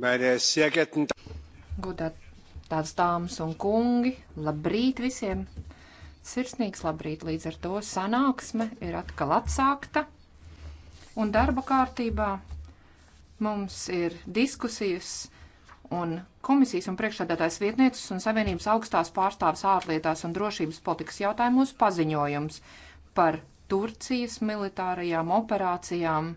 Godātās dāmas un kungi, labrīt visiem! Sirsnīgs labrīt! Līdz ar to sanāksme ir atkal atsākta un darba kārtībā mums ir diskusijas un komisijas un priekšsēdētājs vietnieces un Savienības augstās pārstāvs ārlietās un drošības politikas jautājumos paziņojums par Turcijas militārajām operācijām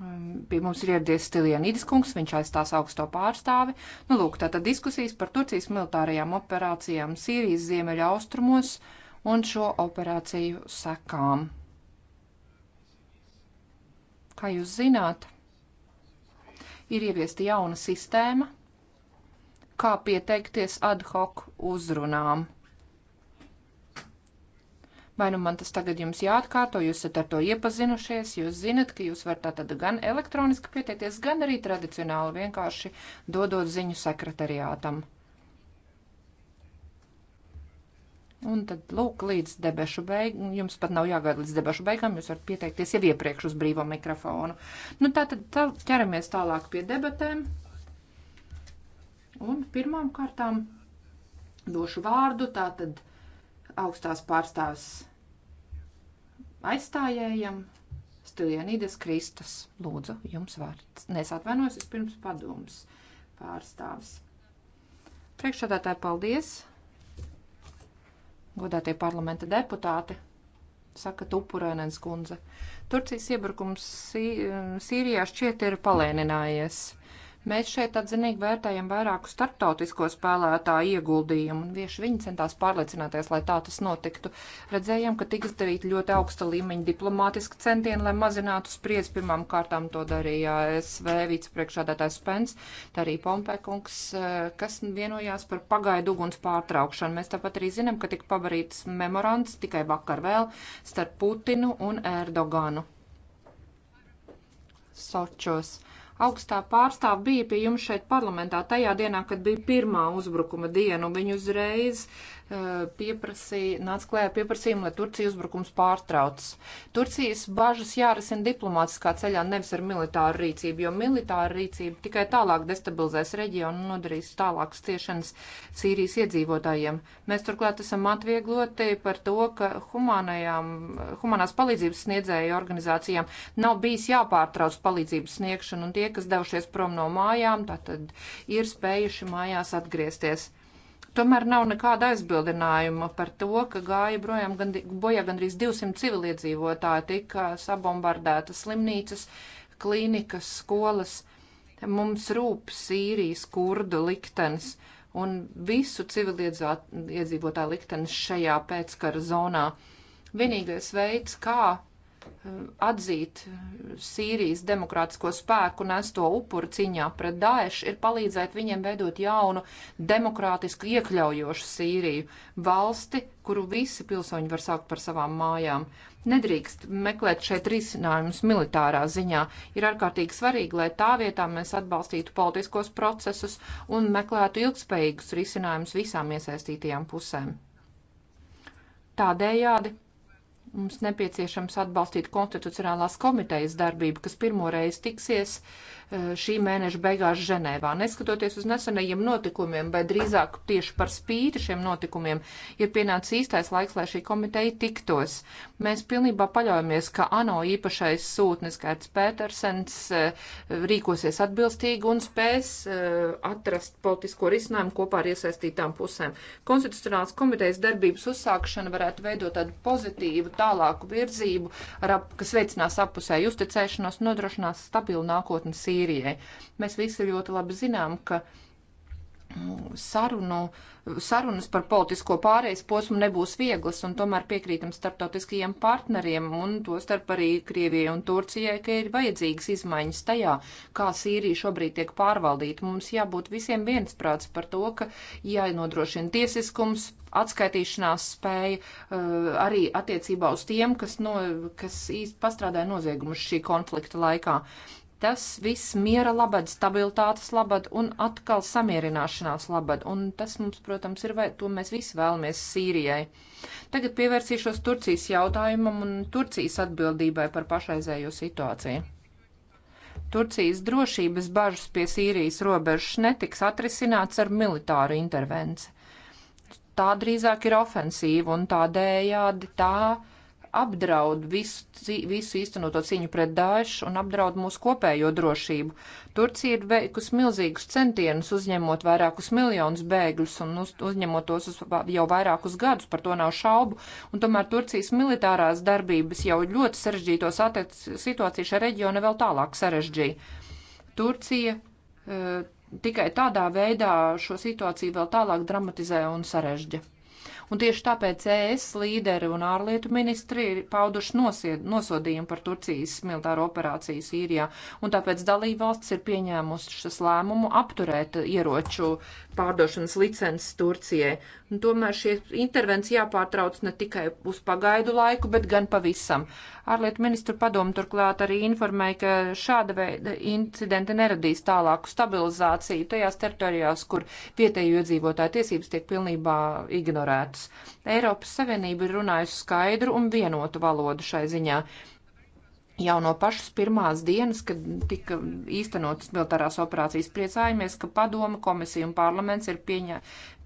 Um, pie mums ir ieradies Stilienīdis kungs, viņš aizstās augsto pārstāvi. Nu, lūk, tātad diskusijas par Turcijas militārajām operācijām Sīrijas ziemeļa austrumos un šo operāciju sekām. Kā jūs zināt, ir ieviesta jauna sistēma, kā pieteikties ad hoc uzrunām Vai nu man tas tagad jums jāatkārto, jūs esat ar to iepazinušies, jūs zinat, ka jūs varat tātad gan elektroniski pieteikties, gan arī tradicionāli vienkārši dodot ziņu sekretariātam. Un tad, lūk, līdz debešu beigām, jums pat nav jāgaida līdz debešu beigām, jūs varat pieteikties jau iepriekš uz brīvo mikrofonu. Nu, tā tad tā, ķeramies tālāk pie debatēm. Un pirmām kārtām došu vārdu tātad augstās pārstāvs aizstājējam Stiljanīdas Kristus. Lūdzu, jums vārds. Nē, es atvainojos, es pirms padoms pārstāvis. Priekšādātāji, paldies! Godātie parlamenta deputāti, saka Tupurēnens kundze. Turcijas iebrukums Sīrijā šķiet ir palēninājies. Mēs šeit atzinīgi vērtējam vairāku starptautisko spēlētāju ieguldījumu, un tieši viņi centās pārliecināties, lai tā tas notiktu. Redzējām, ka tiks darīta ļoti augsta līmeņa diplomātiska centieni, lai mazinātu spriedzi. Pirmām kārtām to darīja ASV vicepriekšādātājs Spence, tā arī Pompekungs, eh, kas vienojās par pagaidu uguns pārtraukšanu. Mēs tāpat arī zinām, ka tika pabarīts memorands tikai vakar vēl starp Putinu un Erdoganu. Sočos augstā pārstāv bija pie jums šeit parlamentā tajā dienā, kad bija pirmā uzbrukuma diena, un viņi uzreiz pieprasīja, nāca klējā pieprasījumu, lai Turcija uzbrukums pārtrauc. Turcijas bažas jārisina diplomātiskā ceļā, nevis ar militāru rīcību, jo militāra rīcība tikai tālāk destabilizēs reģionu un nodarīs tālākas ciešanas Sīrijas iedzīvotājiem. Mēs turklāt esam atviegloti par to, ka humanās palīdzības sniedzēju organizācijām nav bijis jāpārtrauc palīdzības sniegšanu, un tie, kas devušies prom no mājām, tātad ir spējuši mājās atgriezties Tomēr nav nekāda aizbildinājuma par to, ka gāja brojām gandri, bojā gandrīz 200 civiliedzīvotāji, tika sabombardētas slimnīcas, klīnikas, skolas. Mums rūp Sīrijas kurdu liktenis un visu civiliedzīvotāju liktenis šajā pēckara zonā. Vienīgais veids, kā atzīt Sīrijas demokrātisko spēku nesto upuru ciņā pret Daešu, ir palīdzēt viņiem veidot jaunu, demokrātisku, iekļaujošu Sīriju, valsti, kuru visi pilsoņi var saukt par savām mājām. Nedrīkst meklēt šeit risinājumus militārā ziņā. Ir ārkārtīgi svarīgi, lai tā vietā mēs atbalstītu politiskos procesus un meklētu ilgspējīgus risinājumus visām iesaistītajām pusēm. Tādējādi Mums nepieciešams atbalstīt konstitucionālās komitejas darbību, kas pirmoreiz tiksies eh, šī mēneša beigās Ženēvā. Neskatoties uz nesenajiem notikumiem, bet drīzāk tieši par spīti šiem notikumiem, ir pienācis īstais laiks, lai šī komiteja tiktos. Mēs pilnībā paļaujamies, ka ANO īpašais sūtnis Gērts Pētersens eh, rīkosies atbilstīgi un spēs eh, atrast politisko risinājumu kopā ar iesaistītām pusēm. Konstitucionālās komitejas darbības uzsākšana varētu veidot tādu pozitīvu tālāku virzību, ap, kas veicinās apusēju uzticēšanos, nodrošinās stabilu nākotni Sīrijai. Mēs visi ļoti labi zinām, ka sarunu, sarunas par politisko pārējais posmu nebūs vieglas, un tomēr piekrītam starptautiskajiem partneriem, un to starp arī Krievijai un Turcijai, ka ir vajadzīgas izmaiņas tajā, kā Sīrija šobrīd tiek pārvaldīta. Mums jābūt visiem viensprāts par to, ka jānodrošina tiesiskums, atskaitīšanās spēja eh, arī attiecībā uz tiem, kas, no, kas īsti pastrādāja noziegumus šī konflikta laikā. Tas viss miera labad, stabilitātes labad un atkal samierināšanās labad. Un tas mums, protams, ir vai to mēs visi vēlamies Sīrijai. Tagad pievērsīšos Turcijas jautājumam un Turcijas atbildībai par pašreizējo situāciju. Turcijas drošības bažas pie Sīrijas robežas netiks atrisināts ar militāru intervenciju. Tā drīzāk ir ofensīva un tādējādi tā. Dējādi, tā apdraud visu, visu īstenoto cīņu pret Daešu un apdraud mūsu kopējo drošību. Turcija ir veikusi milzīgus centienus, uzņemot vairākus miljonus bēgļus un uz, uzņemot tos uz, jau vairākus gadus, par to nav šaubu, un tomēr Turcijas militārās darbības jau ļoti sarežģītos attiec, situāciju šajā reģiona vēl tālāk sarežģīja. Turcija e, tikai tādā veidā šo situāciju vēl tālāk dramatizē un sarežģīja un tieši tāpēc ES līderi un ārlietu ministri ir pauduši nosied, nosodījumu par Turcijas militāro operāciju Sīrijā, un tāpēc dalībvalsts ir pieņēmušas lēmumu apturēt ieroču pārdošanas licences Turcijai. Un tomēr šie intervencija jāpārtrauc ne tikai uz pagaidu laiku, bet gan pavisam. Ārlietu ministru padomu turklāt arī informēja, ka šāda veida incidenti neradīs tālāku stabilizāciju tajās teritorijās, kur vietēju iedzīvotāju tiesības tiek pilnībā ignorētas pamats. Eiropas Savienība ir runājusi skaidru un vienotu valodu šai ziņā. Jau no pašas pirmās dienas, kad tika īstenotas militārās operācijas, priecājamies, ka padoma, komisija un parlaments ir pieņē,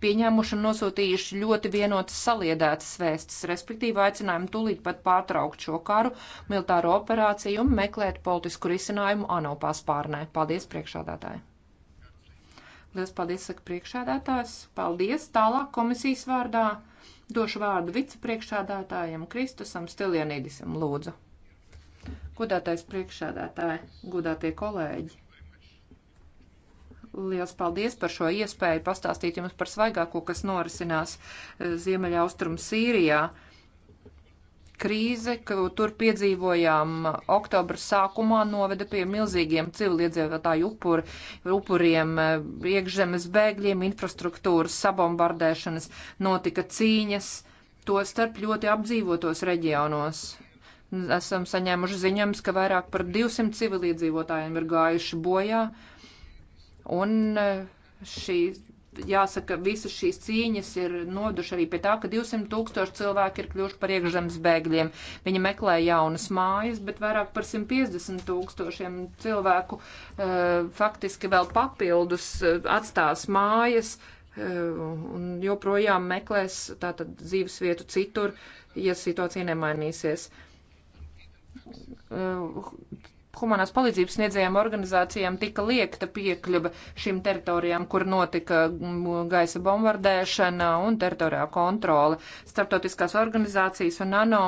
pieņēmuši un nosūtījuši ļoti vienotas saliedētas vēstis, respektīvi aicinājumu tūlīt pat pārtraukt šo karu, militāro operāciju un meklēt politisku risinājumu ANO paspārnē. Paldies priekšādātāji! Lielas paldies, saka priekšādātājs. Paldies. Tālāk komisijas vārdā došu vārdu vicepriekšādātājiem Kristusam Stilienīdisam. Lūdzu. Godātais priekšādātāji, godātie kolēģi. Liels paldies par šo iespēju pastāstīt jums par svaigāko, kas norisinās eh, Ziemeļaustrum Sīrijā krīze, ko tur piedzīvojām uh, oktobra sākumā, noveda pie milzīgiem civiliedzīvotāju upur, upuriem, uh, iekšzemes bēgļiem, infrastruktūras sabombardēšanas, notika cīņas, to starp ļoti apdzīvotos reģionos. Esam saņēmuši ziņojums, ka vairāk par 200 civiliedzīvotājiem ir gājuši bojā, un uh, šī jāsaka, visas šīs cīņas ir noduši arī pie tā, ka 200 tūkstoši cilvēki ir kļuvuši par iekšzemes bēgļiem. Viņi meklē jaunas mājas, bet vairāk par 150 tūkstošiem cilvēku uh, faktiski vēl papildus eh, atstās mājas uh, un joprojām meklēs tātad dzīves vietu citur, ja situācija nemainīsies. Uh, humanās palīdzības sniedzējām organizācijām tika liekta piekļuva šīm teritorijām, kur notika mm, gaisa bombardēšana un teritorijā kontrole. Startautiskās organizācijas un ANO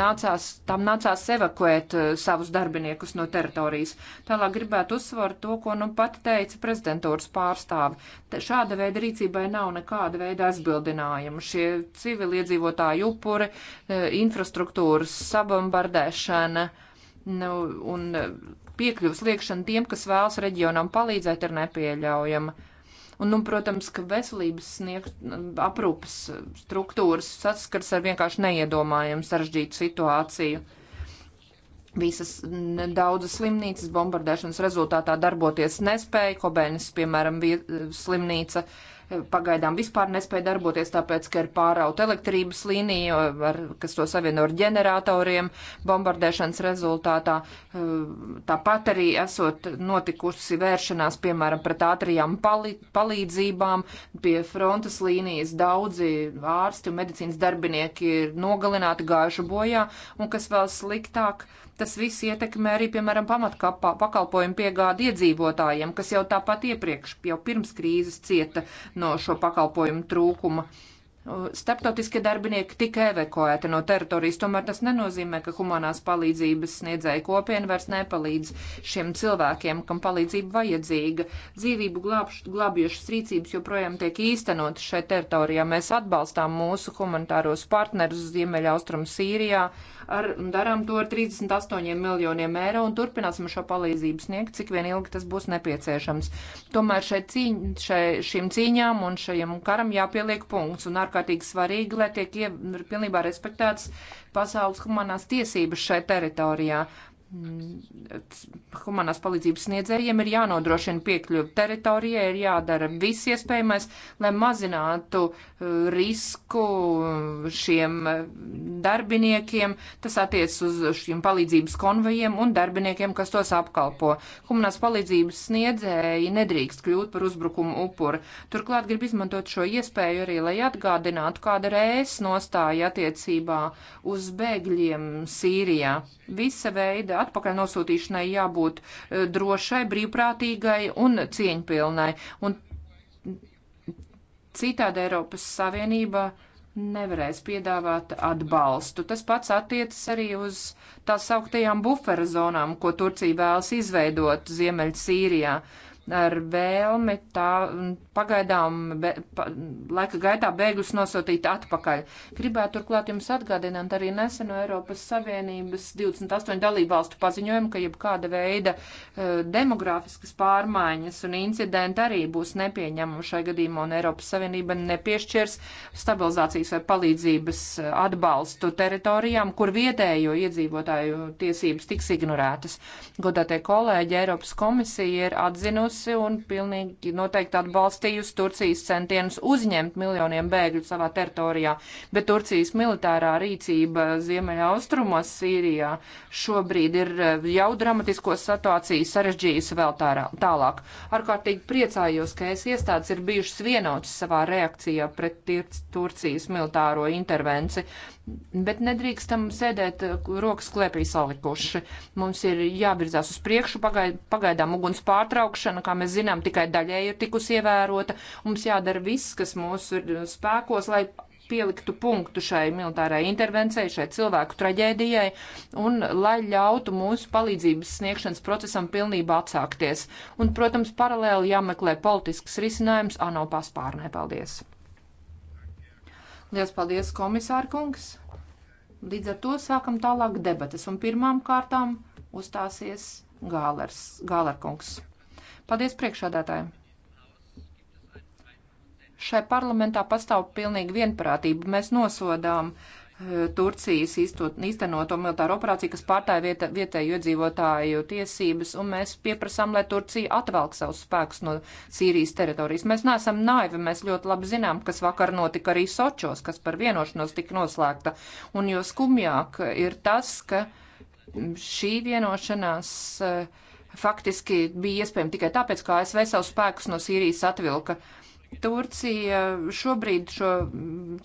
nācās, tam nācās evakuēt eh, savus darbiniekus no teritorijas. Tālāk gribētu uzsvart to, ko nu pat teica prezidentūras pārstāvi. Te šāda veida rīcībai nav nekāda veida aizbildinājumu. Šie civiliedzīvotāji upuri, eh, infrastruktūras sabombardēšana nu, un e, piekļuvas liekšana tiem, kas vēlas reģionam palīdzēt, ir nepieļaujama. Un, nu, protams, ka veselības sniegt aprūpas struktūras saskars ar vienkārši neiedomājumu sarežģītu situāciju. Visas daudzas slimnīcas bombardēšanas rezultātā darboties nespēja, Kobēnis, piemēram, e, slimnīca uh, pagaidām vispār nespēja darboties, tāpēc, ka ir pāraut elektrības līnija, ar, kas to savieno ar ģeneratoriem bombardēšanas rezultātā. Hm, tāpat arī esot notikusi vēršanās, piemēram, pret ātrijām palīdzībām pie frontes līnijas daudzi ārsti un medicīnas darbinieki ir nogalināti, gājuši bojā, un kas vēl sliktāk, Tas viss ietekmē arī, piemēram, pamatkapā pakalpojumu piegādi iedzīvotājiem, kas jau tāpat iepriekš, jau pirms krīzes cieta no šo pakalpojumu trūkuma. Uh, Starptautiskie darbinieki tika evakuēti no teritorijas, tomēr tas nenozīmē, ka humanās palīdzības sniedzēja kopiena vairs nepalīdz šiem cilvēkiem, kam palīdzība vajadzīga. Dzīvību glābjošas rīcības joprojām tiek īstenotas šai teritorijā. Mēs atbalstām mūsu humanitāros partnerus Ziemeļaustrum Sīrijā, ar, darām to ar 38 miljoniem eiro un turpināsim šo palīdzību sniegt, cik vien ilgi tas būs nepieciešams. Tomēr šai cīņ, šai, šīm cīņām un šajam karam jāpieliek punkts. Un ar ārkārtīgi svarīgi, lai tiek ie, pilnībā respektētas pasaules humanās tiesības šai teritorijā. Mm, humanās palīdzības sniedzējiem ir jānodrošina piekļuvi teritorijai, ir jādara viss iespējamais, lai mazinātu uh, risku uh, šiem uh, darbiniekiem. Tas attiec uz šiem palīdzības konvejiem un darbiniekiem, kas tos apkalpo. Humanās palīdzības sniedzēji nedrīkst kļūt par uzbrukumu upuri. Turklāt grib izmantot šo iespēju arī, lai atgādinātu, kāda reis nostāja attiecībā uz bēgļiem Sīrijā. Visa veida atpakaļ nosūtīšanai jābūt e, drošai, brīvprātīgai un cieņpilnai. Un citādi Eiropas Savienība nevarēs piedāvāt atbalstu. Tas pats attiecas arī uz tā sauktajām bufera zonām, ko Turcija vēlas izveidot Ziemeļsīrijā. Sīrijā ar vēlmi tā pagaidām, be, pa, laika gaitā bēgļus nosūtīt atpakaļ. Gribētu turklāt jums atgādināt arī neseno Eiropas Savienības 28 dalībvalstu paziņojumu, ka jebkāda veida uh, e, demografiskas pārmaiņas un incidenti arī būs nepieņemami šai gadījumā, un Eiropas Savienība nepiešķirs stabilizācijas vai palīdzības e, atbalstu teritorijām, kur vietējo iedzīvotāju tiesības tiks ignorētas. Godātie kolēģi, Eiropas komisija ir atzinusi, pusi un pilnīgi noteikti atbalstījusi Turcijas centienus uzņemt miljoniem bēgļu savā teritorijā, bet Turcijas militārā rīcība Ziemeļa austrumos Sīrijā šobrīd ir eh, jau dramatisko situāciju sarežģījusi vēl tārā, tālāk. Arkārtīgi priecājos, ka es iestādes ir bijušas vienotas savā reakcijā pret Turcijas militāro intervenci, bet nedrīkstam sēdēt eh, rokas klēpī salikuši. Mums ir jāvirzās uz priekšu, pagaidām uguns pārtraukšana, kā mēs zinām, tikai daļēji ir tikusi ievērota. Mums jādara viss, kas mūsu spēkos, lai pieliktu punktu šai militārai intervencijai, šai cilvēku traģēdijai un lai ļautu mūsu palīdzības sniegšanas procesam pilnībā atsākties. Un, protams, paralēli jāmeklē politisks risinājums ANO paspārnē. Paldies! Lielas paldies, komisārkungs! Līdz ar to sākam tālāk debatas, un pirmām kārtām uzstāsies Gālers, Gālerkungs. Paldies priekšādātājiem! Šai parlamentā pastāv pilnīgi vienprātība. Mēs nosodām eh, Turcijas īstenoto militāro operāciju, kas pārtāja vieta, vietēju iedzīvotāju tiesības, un mēs pieprasām, lai Turcija atvelk savus spēkus no Sīrijas teritorijas. Mēs neesam naivi, mēs ļoti labi zinām, kas vakar notika arī Sočos, kas par vienošanos tika noslēgta. Un jo skumjāk ir tas, ka šī vienošanās uh, faktiski bija iespējama tikai tāpēc, ka ASV savus spēkus no Sīrijas atvilka. Turcija šobrīd šo,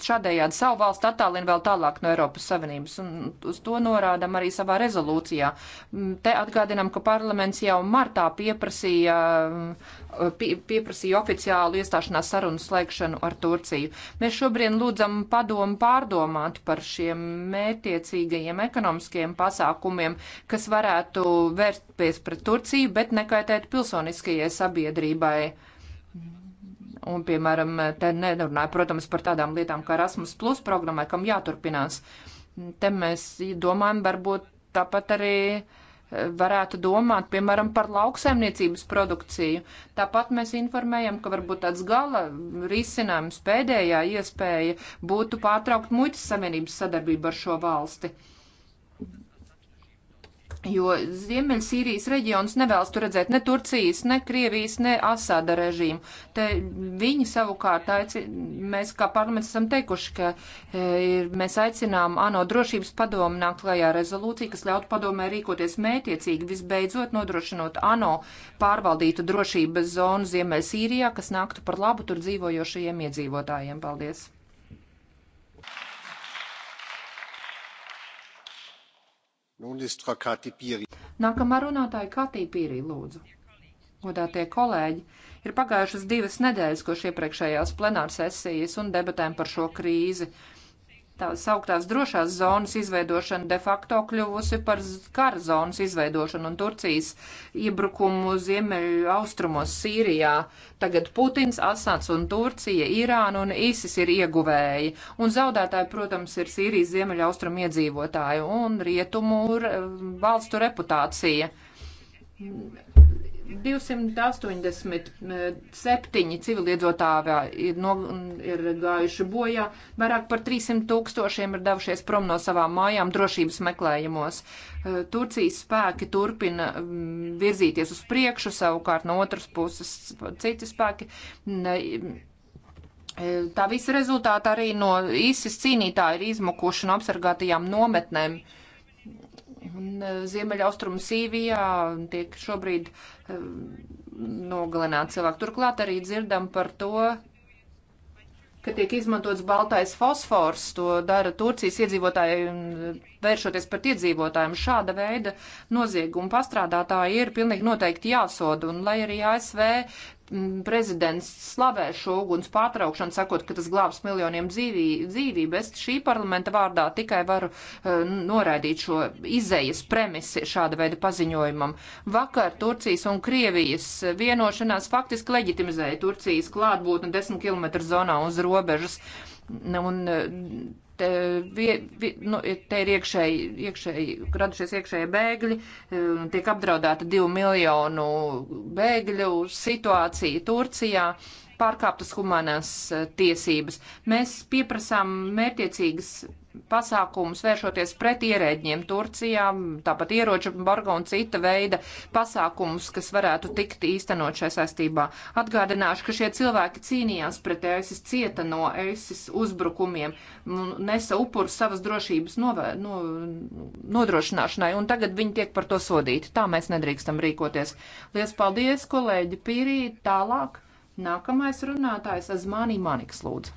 šādējādi savu valstu attālina vēl tālāk no Eiropas Savienības, un uz to norādam arī savā rezolūcijā. Mm, te atgādinam, ka parlaments jau martā pieprasīja, mm, pie, pieprasīja oficiālu iestāšanās sarunu slēgšanu ar Turciju. Mēs šobrīd lūdzam padomu pārdomāt par šiem mētiecīgajiem ekonomiskajiem pasākumiem, kas varētu vērsties pret Turciju, bet nekaitēt pilsoniskajai sabiedrībai. Un, piemēram, te nerunāju, protams, par tādām lietām kā Erasmus Plus programmai, kam jāturpinās. Te mēs domājam, varbūt tāpat arī e, varētu domāt, piemēram, par lauksaimniecības produkciju. Tāpat mēs informējam, ka varbūt tāds gala risinājums pēdējā iespēja būtu pārtraukt muitas savienības sadarbību ar šo valsti. Jo Ziemeļsīrijas reģions nevēlas tur redzēt ne Turcijas, ne Krievijas, ne Asāda režīmu. Te viņi savukārt, aici, mēs kā parlaments esam teikuši, ka e, mēs aicinām ANO drošības padomu nākt klajā rezolūciju, kas ļautu padomē rīkoties mētiecīgi, visbeidzot nodrošinot ANO pārvaldītu drošības zonu Ziemeļsīrijā, kas nāktu par labu tur dzīvojošajiem iedzīvotājiem. Paldies! Nākamā runātāja Katī Pīrī, lūdzu. Godātie kolēģi, ir pagājušas divas nedēļas, koš iepriekšējās plenārsesijas un debatēm par šo krīzi, tās augtās drošās zonas izveidošana de facto kļuvusi par kara zonas izveidošanu un Turcijas iebrukumu ziemeļu austrumos Sīrijā. Tagad Putins, Asāds un Turcija, Irāna un ISIS ir ieguvēji. Un zaudētāji, protams, ir Sīrijas ziemeļu austrumu iedzīvotāju un rietumu valstu reputācija 287 eh, civiliedzotāji ir, no, ir gājuši bojā, vairāk par 300 tūkstošiem ir devušies prom no savām mājām drošības meklējumos. Eh, Turcijas spēki turpina mm, virzīties uz priekšu, savukārt no otras puses citi spēki. Ne, eh, tā visa rezultāta arī no īsis cīnītāji ir izmukuši no apsargātajām nometnēm. Uh, E, Ziemeļaustrumu Sīvijā tiek šobrīd e, nogalināti cilvēki. Turklāt arī dzirdam par to, ka tiek izmantots baltais fosfors. To dara Turcijas iedzīvotāji, e, vēršoties pret iedzīvotājiem. Šāda veida nozieguma pastrādātāji ir pilnīgi noteikti jāsoda. Un lai arī ASV Mm, prezidents slavē šo uguns pārtraukšanu, sakot, ka tas glābs miljoniem dzīvī, dzīvību. Es šī parlamenta vārdā tikai varu uh, noraidīt šo izējas premisi šāda veida paziņojumam. Vakar Turcijas un Krievijas vienošanās faktiski leģitimizēja Turcijas klātbūtni 10 km zonā uz robežas. Un, uh, Te, vie, vi, nu, te ir iekšēji, iekšēji, radušies iekšēji bēgļi, um, tiek apdraudēta divu miljonu bēgļu situācija Turcijā pārkāptas humanās uh, tiesības. Mēs pieprasām mērķiecīgas pasākumus vēršoties pret ierēģiem Turcijā, tāpat ieroču embargo un cita veida pasākumus, kas varētu tikt īstenot šai saistībā. Atgādināšu, ka šie cilvēki cīnījās pret ESIS, cieta no ESIS uzbrukumiem, nu, nesa upuru savas drošības novē, no, nodrošināšanai, un tagad viņi tiek par to sodīti. Tā mēs nedrīkstam rīkoties. Lielas paldies, kolēģi Pīrī, tālāk. Nākamais runātājs Azmānī Maniks lūdzu.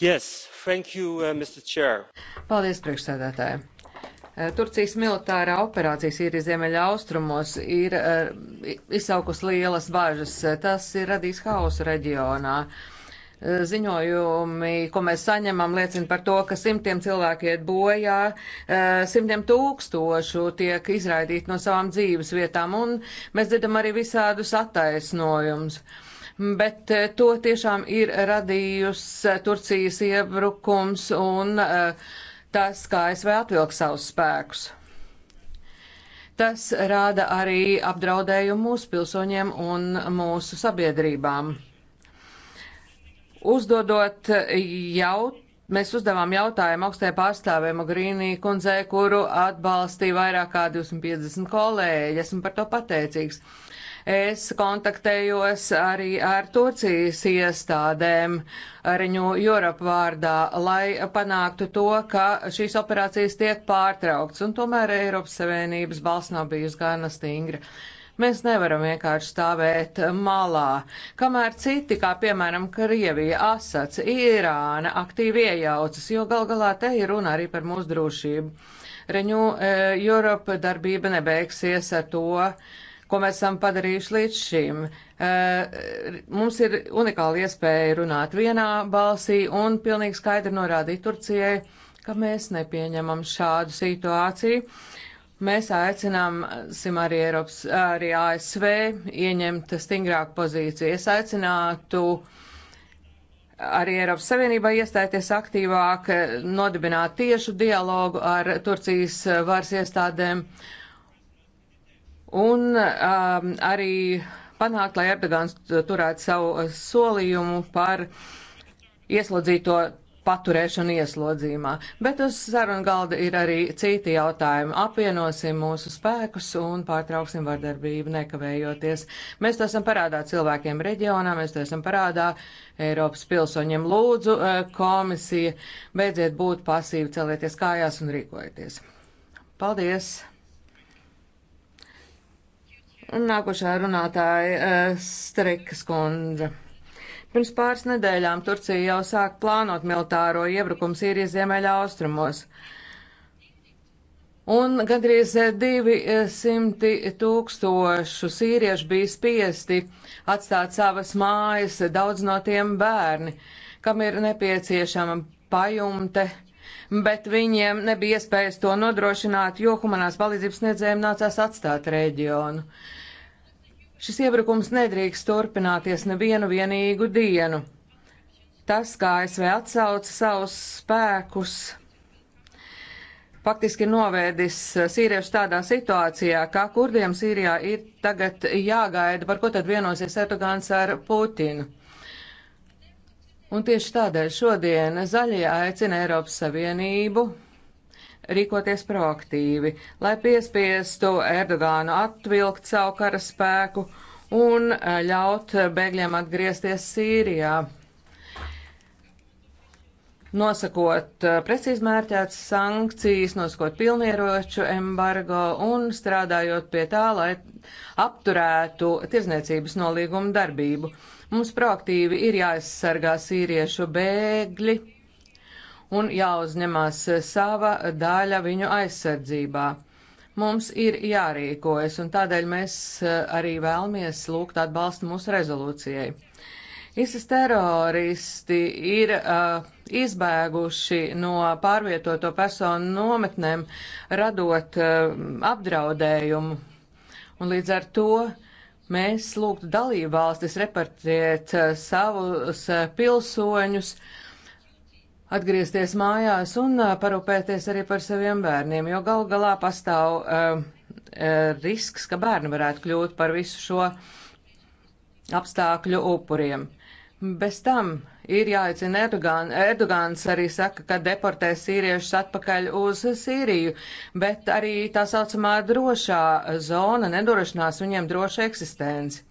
Yes, thank you, uh, Mr. Chair. Paldies, priekšsēdētāji. Uh, Turcijas militārā operācija Sīrijas ziemeļa austrumos ir uh, izsaukus lielas bažas. Tas ir radījis hausu reģionā. Uh, ziņojumi, ko mēs saņemam, liecina par to, ka simtiem cilvēku iet bojā, uh, simtiem tūkstošu tiek izraidīti no savām dzīves vietām, un mēs dzirdam arī visādus attaisnojumus. Uh, bet eh, to tiešām ir radījus eh, Turcijas iebrukums un eh, tas, kā es vēl atvilku savus spēkus. Tas rāda arī apdraudējumu mūsu pilsoņiem un mūsu sabiedrībām. Uzdodot jautājumu, Mēs uzdevām jautājumu augstajai pārstāvē Mogrīnī kundzei, kuru atbalstīja vairāk kā 250 kolēģi. Esmu par to pateicīgs. Es kontaktējos arī ar Turcijas iestādēm Reņu Europe vārdā, lai panāktu to, ka šīs operācijas tiek pārtraukts, un tomēr Eiropas Savienības balss nav bijusi gana stingra. Mēs nevaram vienkārši stāvēt malā, kamēr citi, kā piemēram Krievija, Asats, Irāna, aktīvi iejaucas, jo gal galā te ir runa arī par mūsu drošību. Reņu e, eh, Europa darbība nebeigsies ar to, uh, ko mēs esam padarījuši līdz šim. Eh, mums ir unikāla iespēja runāt vienā balsī un pilnīgi skaidri norādīt Turcijai, ka mēs nepieņemam šādu situāciju. Mēs aicinām arī, Eiropas, arī ASV ieņemt stingrāku pozīciju. Es aicinātu arī Eiropas Savienībā iestāties aktīvāk, nodibināt tiešu dialogu ar Turcijas varas iestādēm. Uh, un um, arī panākt, lai Erdogans turētu savu uh, solījumu par ieslodzīto paturēšanu ieslodzījumā. Bet uz sarunu galda ir arī citi jautājumi. Apvienosim mūsu spēkus un pārtrauksim vardarbību nekavējoties. Mēs to esam parādā cilvēkiem reģionā, mēs to esam parādā Eiropas pilsoņiem. Lūdzu, uh, komisija, beidziet būt pasīvi, celieties kājās un rīkojieties. Paldies! Nākošā runātāja eh, Strikas kundze. Pirms pāris nedēļām Turcija jau sāk plānot militāro iebrukumu Sīrijas ziemeļa austrumos. Un gandrīz 200 eh, tūkstošu sīriešu bija spiesti atstāt savas mājas, daudz no tiem bērni, kam ir nepieciešama pajumte, bet viņiem nebija iespējas to nodrošināt, jo humanās palīdzības sniedzējiem nācās atstāt reģionu. Uh, Šis iebrukums nedrīkst turpināties nevienu vienīgu dienu. Tas, kā ASV atsauca savus spēkus, faktiski novēdis sīriešus tādā situācijā, kā kurdiem Sīrijā ir tagad jāgaida, par ko tad vienosies Erdogans ar Putinu. Un tieši tādēļ šodien zaļie aicina Eiropas Savienību rīkoties proaktīvi, lai piespiestu Erdogānu atvilkt savu karaspēku un eh, ļaut bēgļiem atgriezties Sīrijā. Nosakot eh, precīzi mērķētas sankcijas, nosakot pilnvieroču embargo un strādājot pie tā, lai apturētu tirzniecības nolīgumu darbību. Mums proaktīvi ir jāaizsargā sīriešu bēgļi un jāuzņemās sava daļa viņu aizsardzībā. Mums ir jārīkojas, un tādēļ mēs eh, arī vēlamies lūgt atbalstu mūsu rezolūcijai. ISIS teroristi ir uh, izbēguši no pārvietoto personu nometnēm, radot uh, apdraudējumu. Un līdz ar to uh, mēs lūgtu dalībvalstis repartiet savus pilsoņus atgriezties mājās un parūpēties arī par saviem bērniem, jo gal galā pastāv uh, risks, ka bērni varētu kļūt par visu šo apstākļu upuriem. Bez tam ir jāicina Erdogan. Erdogans arī saka, ka deportē sīriešus atpakaļ uz Sīriju, bet arī tā saucamā drošā zona nedrošinās viņiem drošu eksistenci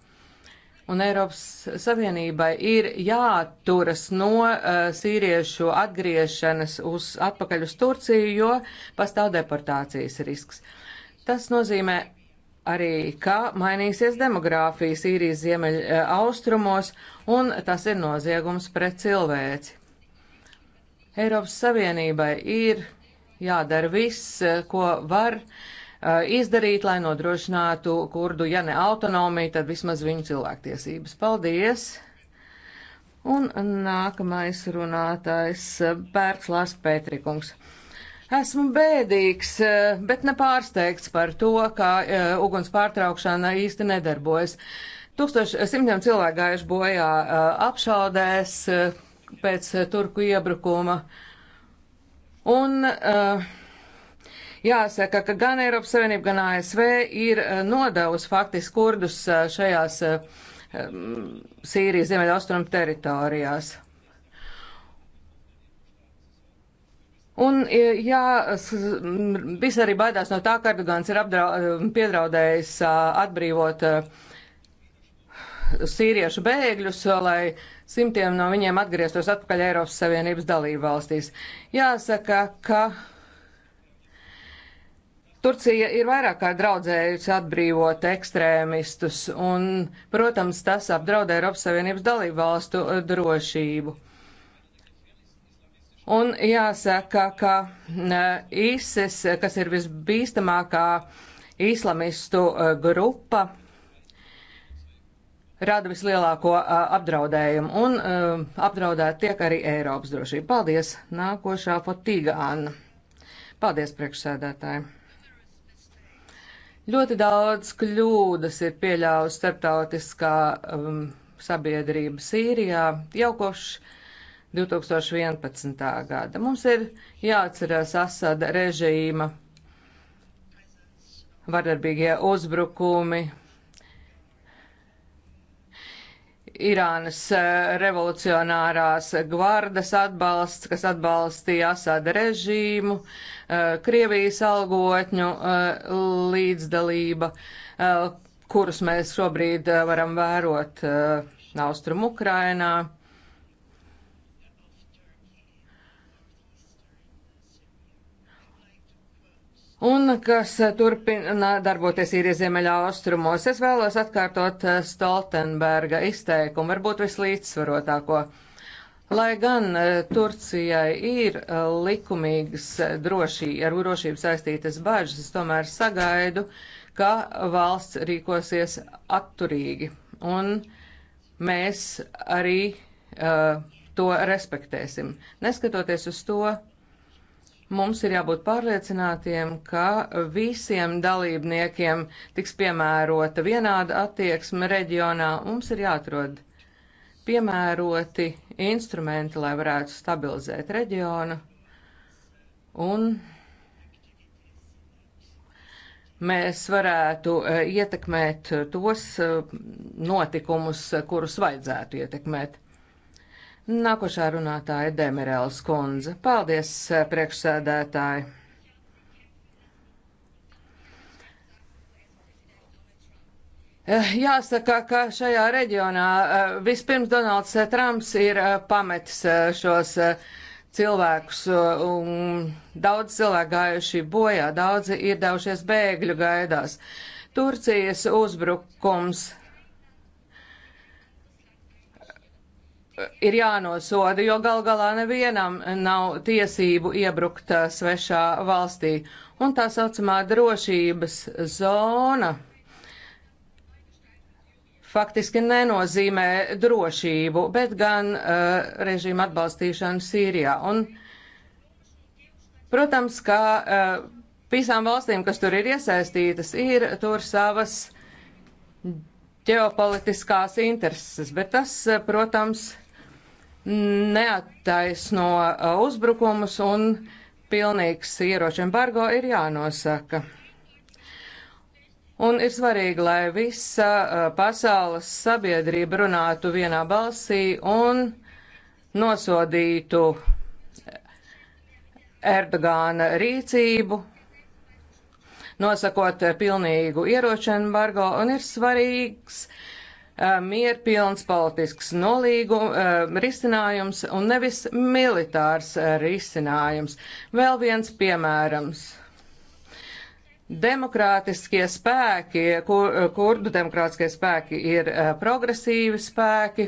un Eiropas Savienībai ir jāatturas no uh, sīriešu atgriešanas uz atpakaļ uz Turciju, jo pastāv deportācijas risks. Tas nozīmē arī, ka mainīsies demogrāfija Sīrijas ziemeļ uh, austrumos, un tas ir noziegums pret cilvēci. Eiropas Savienībai ir jādara viss, eh, ko var, uh, Eh, izdarīt, lai nodrošinātu kurdu, ja ne autonomiju, tad vismaz viņu cilvēktiesības. Paldies! Un nākamais runātājs Pērkslās eh, Pētrikungs. Esmu bēdīgs, eh, bet nepārsteigts par to, ka uguns pārtraukšana īsti nedarbojas. Simtiem cilvēku gājuši bojā apšaudēs pēc turku iebrukuma. Un uh, Jāsaka, ka gan Eiropas Savienība, gan ASV ir eh, nodevusi faktiski kurdus eh, šajās eh, mm, Sīrijas ziemeļaustrumu teritorijās. Un, jā, mm, visi arī baidās no tā, ka Erdogans ir apdraud, piedraudējis atbrīvot sīriešu bēgļus, lai simtiem no viņiem atgrieztos atpakaļ Eiropas Savienības dalību valstīs. Jāsaka, ka Turcija ir vairāk kā draudzējusi atbrīvot ekstrēmistus, un, protams, tas apdraud Eiropas Savienības dalību valstu eh, drošību. Un jāsaka, ka ISIS, kas ir visbīstamākā islamistu eh, grupa, rada vislielāko eh, apdraudējumu, un apdraudēt tiek arī Eiropas drošība. Paldies! Nākošā fotīga Anna. Paldies, priekšsēdētāji! Ļoti daudz kļūdas ir pieļāvusi starptautiskā um, sabiedrība Sīrijā jau kopš 2011. gada. Mums ir jāatcerās Asada režīma vardarbīgie uzbrukumi, Irānas eh, revolucionārās gvardas atbalsts, kas atbalstīja Asada režīmu, Eh, Krievijas algotņu eh, līdzdalība, eh, kurus mēs šobrīd varam vērot Austrum Ukrainā. Un kas turpina darboties īrijas ziemeļā austrumos, es vēlos atkārtot Stoltenberga izteikumu, varbūt vislīdzsvarotāko. Lai gan e, Turcijai ir e, likumīgas drošī, ar drošību saistītas bažas, es tomēr sagaidu, ka valsts rīkosies atturīgi, un mēs arī uh, to respektēsim. Neskatoties uz to, mums ir jābūt pārliecinātiem, ka visiem dalībniekiem tiks piemērota vienāda attieksme reģionā. Mums ir jāatrod piemēroti instrumenti, lai varētu stabilizēt reģionu. Un mēs varētu e, ietekmēt tos e, notikumus, kurus vajadzētu ietekmēt. Nākošā runātāja Demirēlas kundze. Paldies, e, priekšsēdētāji! Eh, jāsaka, ka šajā reģionā eh, vispirms Donalds eh, Trumps ir pametis šos cilvēkus, un daudz cilvēku gājuši bojā, daudzi ir devušies bēgļu gaidās. Turcijas uzbrukums ir jānosoda, jo gal galā nevienam nav tiesību iebrukt svešā valstī. Un tā saucamā drošības zona faktiski nenozīmē drošību, bet gan uh, eh, režīmu atbalstīšanu Sīrijā. Un, protams, ka uh, visām valstīm, kas tur ir iesaistītas, ir tur savas ģeopolitiskās intereses, bet tas, eh, protams, neattaisno uzbrukumus un pilnīgs ieroču embargo ir jānosaka. Un ir svarīgi, lai visa uh, pasaules sabiedrība runātu vienā balsī un nosodītu Erdogāna rīcību, nosakot pilnīgu ieroču embargo, un ir svarīgs uh, mierpilns politisks nolīgu, uh, risinājums un nevis militārs risinājums. Vēl viens piemērams Demokrātiskie spēki, kur, kurdu demokrātiskie spēki ir eh, progresīvi spēki,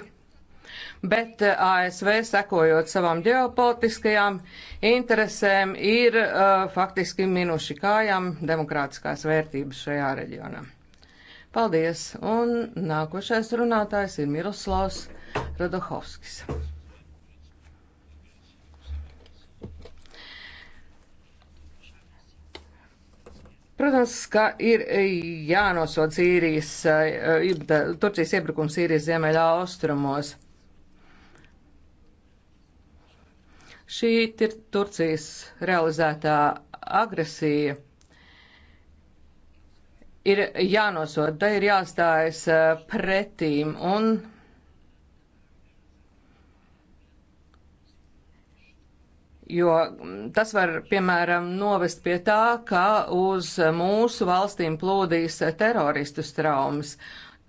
bet eh, ASV sekojot savām ģeopolitiskajām interesēm ir uh, faktiski minuši kājām demokrātiskās vērtības šajā reģionā. Paldies! Un nākošais runātājs ir Miroslavs Radohovskis. Protams, ka ir e, jānosod Sīrijas, e, e, Turcijas iebrukums Sīrijas ziemeļā austrumos. Šī ir Turcijas realizētā agresija ir jānosoda, tai ir jāstājas pretīm un jo tas var, piemēram, novest pie tā, ka uz mūsu valstīm plūdīs teroristu traumas.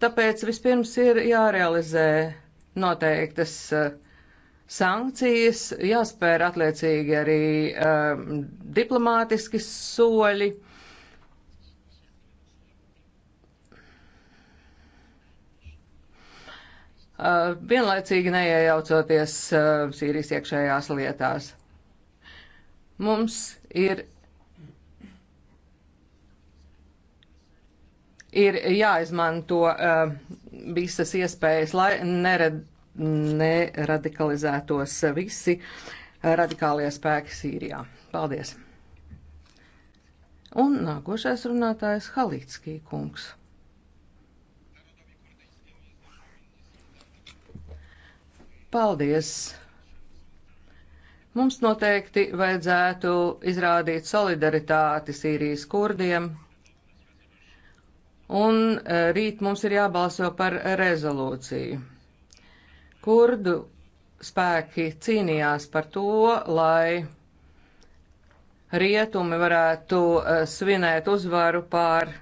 Tāpēc vispirms ir jārealizē noteiktas uh, sankcijas, jāspēr atliecīgi arī um, diplomātiski soļi. Uh, vienlaicīgi neiejaucoties uh, Sīrijas iekšējās lietās. Mums ir ir jāizmanto uh, visas iespējas, lai nerad, neradikalizētos visi eh, radikālie spēki Sīrijā. Paldies! Un nākošais runātājs Halītskī kungs. Paldies! Mums noteikti vajadzētu izrādīt solidaritāti Sīrijas kurdiem, un e, rīt mums ir jābalso par rezolūciju. Kurdu spēki cīnījās par to, lai rietumi varētu e, svinēt uzvaru pār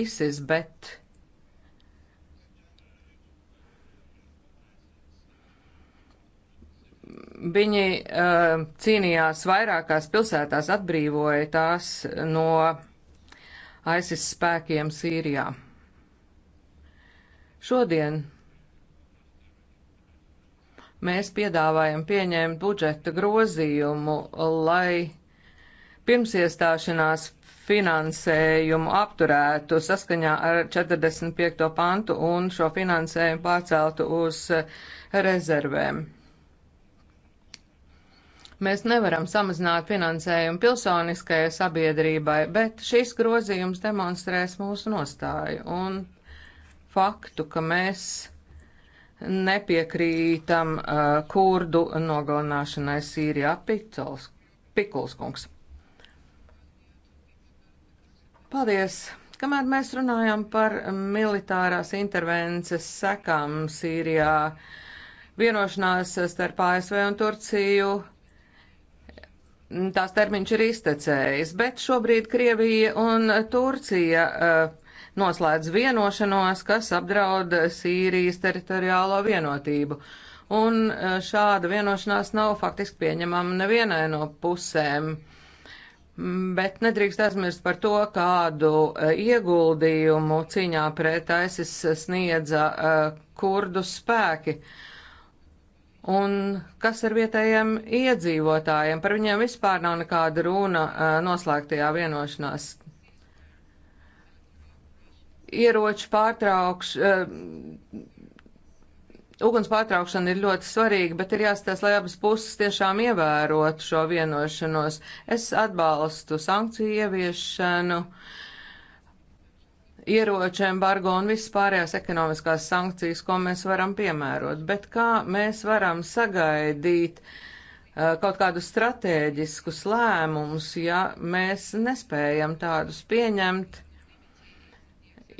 ISIS, bet Viņi uh, cīnījās vairākās pilsētās, atbrīvoja tās no ISIS spēkiem Sīrijā. Šodien mēs piedāvājam pieņemt budžeta grozījumu, lai pirms iestāšanās finansējumu apturētu saskaņā ar 45. pantu un šo finansējumu pārceltu uz rezervēm. Mēs nevaram samazināt finansējumu pilsoniskajai sabiedrībai, bet šis grozījums demonstrēs mūsu nostāju un faktu, ka mēs nepiekrītam uh, kurdu nogalināšanai Sīrijā Pikls, Pikulskungs. Paldies! Kamēr mēs runājam par militārās intervences sekām Sīrijā, vienošanās starp ASV un Turciju tās termiņš ir iztecējis, bet šobrīd Krievija un Turcija eh, noslēdz vienošanos, kas apdraud Sīrijas teritoriālo vienotību. Un eh, šāda vienošanās nav faktiski pieņemama nevienai no pusēm. Bet nedrīkst aizmirst par to, kādu eh, ieguldījumu cīņā pret ISIS sniedza kurdu spēki. Uh, Un kas ir vietējiem iedzīvotājiem? Par viņiem vispār nav nekāda runa noslēgtajā vienošanās. Ieroču pārtraukš, uguns pārtraukšana ir ļoti svarīga, bet ir jāstāsta, lai abas puses tiešām ievērotu šo vienošanos. Es atbalstu sankciju ieviešanu. Uh, ieroču embargo un visas pārējās ekonomiskās sankcijas, ko mēs varam piemērot, bet kā mēs varam sagaidīt uh, kaut kādus strateģiskus lēmumus, ja mēs nespējam tādus pieņemt,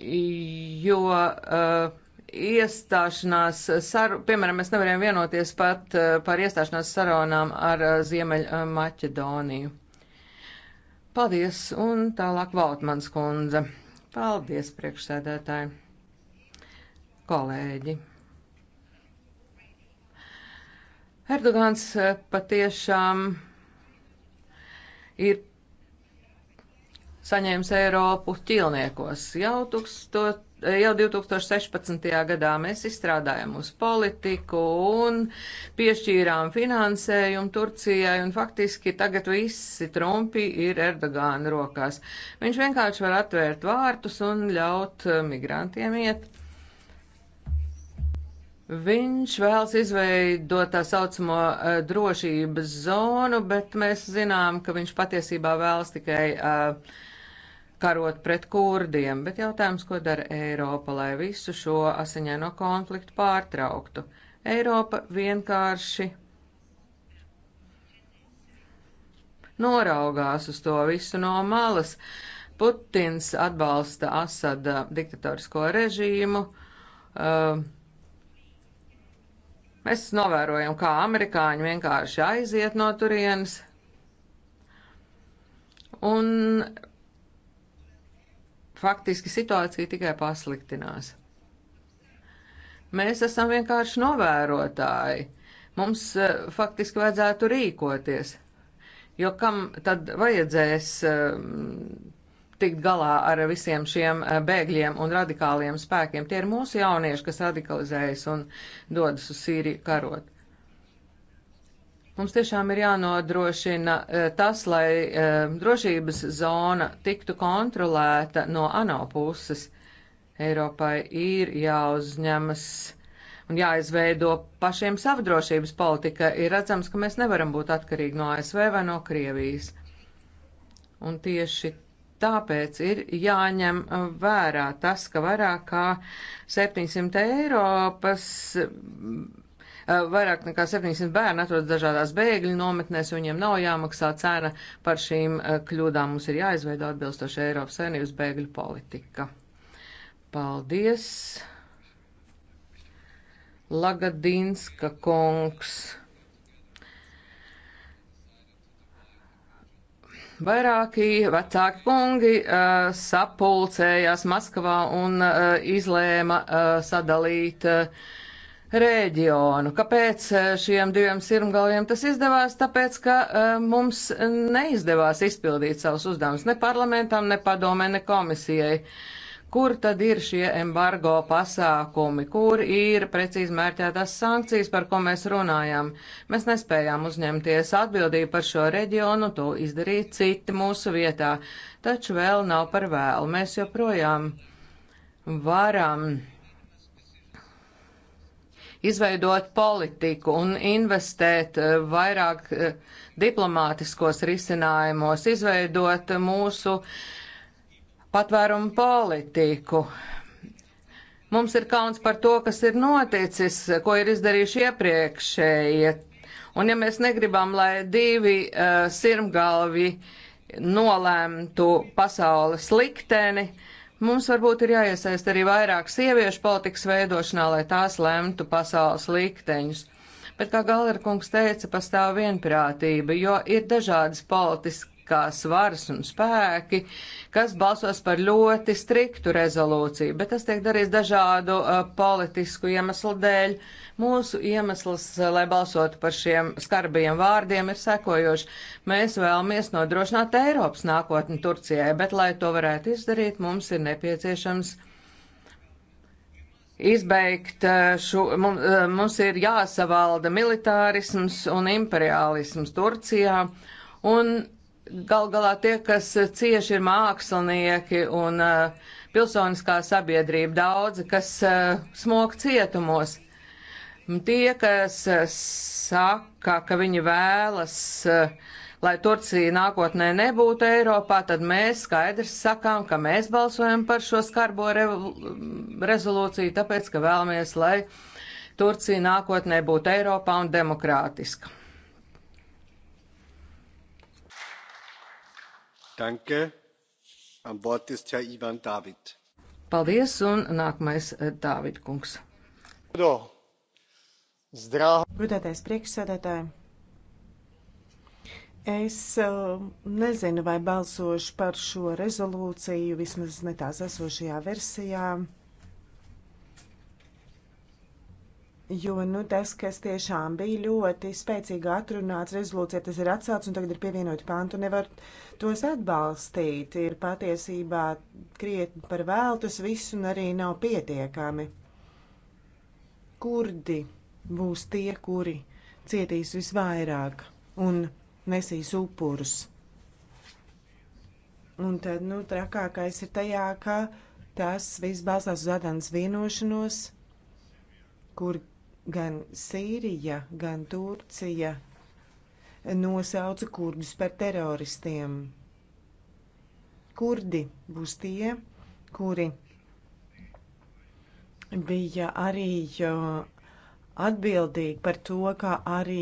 jo uh, iestāšanās, sar, piemēram, mēs nevarējām vienoties pat uh, par iestāšanās sarunām ar uh, Ziemeļ Maķedoniju. Paldies, un tālāk Valtmans kundze. Paldies, priekšsēdētāji! Kolēģi! Erdogans eh, patiešām ir saņēmis Eiropu ķilniekos jau 1000 jau 2016. gadā mēs izstrādājām uz politiku un piešķīrām finansējumu Turcijai, un faktiski tagad visi trumpi ir Erdogāna rokās. Viņš vienkārši var atvērt vārtus un ļaut eh, migrantiem iet. Viņš vēlas izveidot tā saucamo uh, drošības zonu, bet mēs zinām, ka viņš patiesībā vēlas tikai uh, karot pret kurdiem, bet jautājums, ko dara Eiropa, lai visu šo asiņaino konfliktu pārtrauktu. Eiropa vienkārši noraugās uz to visu no malas. Putins atbalsta Asada diktatorisko režīmu. Uh, mēs novērojam, kā amerikāņi vienkārši aiziet no turienes. Un faktiski situācija tikai pasliktinās. Mēs esam vienkārši novērotāji. Mums e, faktiski vajadzētu rīkoties, jo kam tad vajadzēs e, tikt galā ar visiem šiem e, bēgļiem un radikāliem spēkiem? Tie ir mūsu jaunieši, kas radikalizējas un dodas uz Sīriju karot. Mums tiešām ir jānodrošina eh, tas, lai eh, drošības zona tiktu kontrolēta no ANO puses. Eiropai ir jāuzņemas un jāizveido pašiem savu drošības politika. Ir redzams, ka mēs nevaram būt atkarīgi no ASV vai no Krievijas. Un tieši tāpēc ir jāņem eh, vērā tas, ka vairāk kā 700 Eiropas Eh, vairāk nekā 700 bērni atrodas dažādās bēgļu nometnēs, un viņiem nav jāmaksā cena par šīm eh, kļūdām. Mums ir jāizveido atbilstoši Eiropas saimnības bēgļu politika. Paldies! Lagadinska kungs. Vairāki vecāki kungi uh, sapulcējās Maskavā un uh, izlēma uh, sadalīt uh, reģionu. Kāpēc eh, šiem diviem sirmgalviem tas izdevās? Tāpēc, ka eh, mums neizdevās izpildīt savus uzdevumus ne parlamentam, ne padomē, ne komisijai. Kur tad ir šie embargo pasākumi? Kur ir precīzi mērķētās sankcijas, par ko mēs runājam? Mēs nespējām uzņemties atbildību par šo reģionu, to izdarīja citi mūsu vietā. Taču vēl nav par vēlu. Mēs joprojām varam izveidot politiku un investēt eh, vairāk eh, diplomātiskos risinājumos, izveidot mūsu patvērumu politiku. Mums ir kauns par to, kas ir noticis, ko ir izdarījuši iepriekšējie. Un ja mēs negribam, lai divi uh, sirmgalvi nolēmtu pasaules likteni, uh, Mums varbūt ir jāiesaist arī vairāk sieviešu politikas veidošanā, lai tās lemtu pasaules likteņus. Bet, kā Galera kungs teica, pastāv vienprātība, jo ir dažādas politiskās varas un spēki, kas balsos par ļoti striktu rezolūciju, bet tas tiek darīts dažādu uh, politisku iemeslu dēļ, Mūsu iemesls, eh, lai balsotu par šiem skarbiem vārdiem, ir sekojoši. Mēs vēlamies nodrošināt Eiropas nākotni Turcijai, bet, lai to varētu izdarīt, mums ir nepieciešams izbeigt eh, šo, eh, mums ir jāsavalda militārisms un imperialisms Turcijā, un gal galā tie, kas cieši ir mākslinieki un pilsoniskā sabiedrība daudzi, kas smog cietumos. Tie, kas eh, saka, ka viņi vēlas, eh, lai Turcija nākotnē nebūtu Eiropā, tad mēs skaidrs sakām, ka mēs balsojam par šo skarbo re rezolūciju, tāpēc, ka vēlamies, lai Turcija nākotnē būtu Eiropā un demokrātiska. Danke. Am Wort ist Herr Ivan David. Paldies un nākamais eh, Dāvid kungs. Do. Zdrā. Gudētais priekšsēdētāji. Es uh, nezinu, vai balsošu par šo rezolūciju, vismaz ne tās esošajā versijā. Jo nu, tas, kas tiešām bija ļoti spēcīgi atrunāts rezolūcijā, tas ir atcelts un tagad ir pievienoti pantu, nevar tos atbalstīt. Ir patiesībā krietni par vēlu tas viss un arī nav pietiekami. Kurdi būs tie, kuri cietīs visvairāk un nesīs upurus. Un tad, nu, trakākais ir tajā, ka tas viss balstās uz Adanas vienošanos, kur gan Sīrija, gan Turcija nosauca kurdus par teroristiem. Kurdi būs tie, kuri bija arī atbildīgi par to, kā arī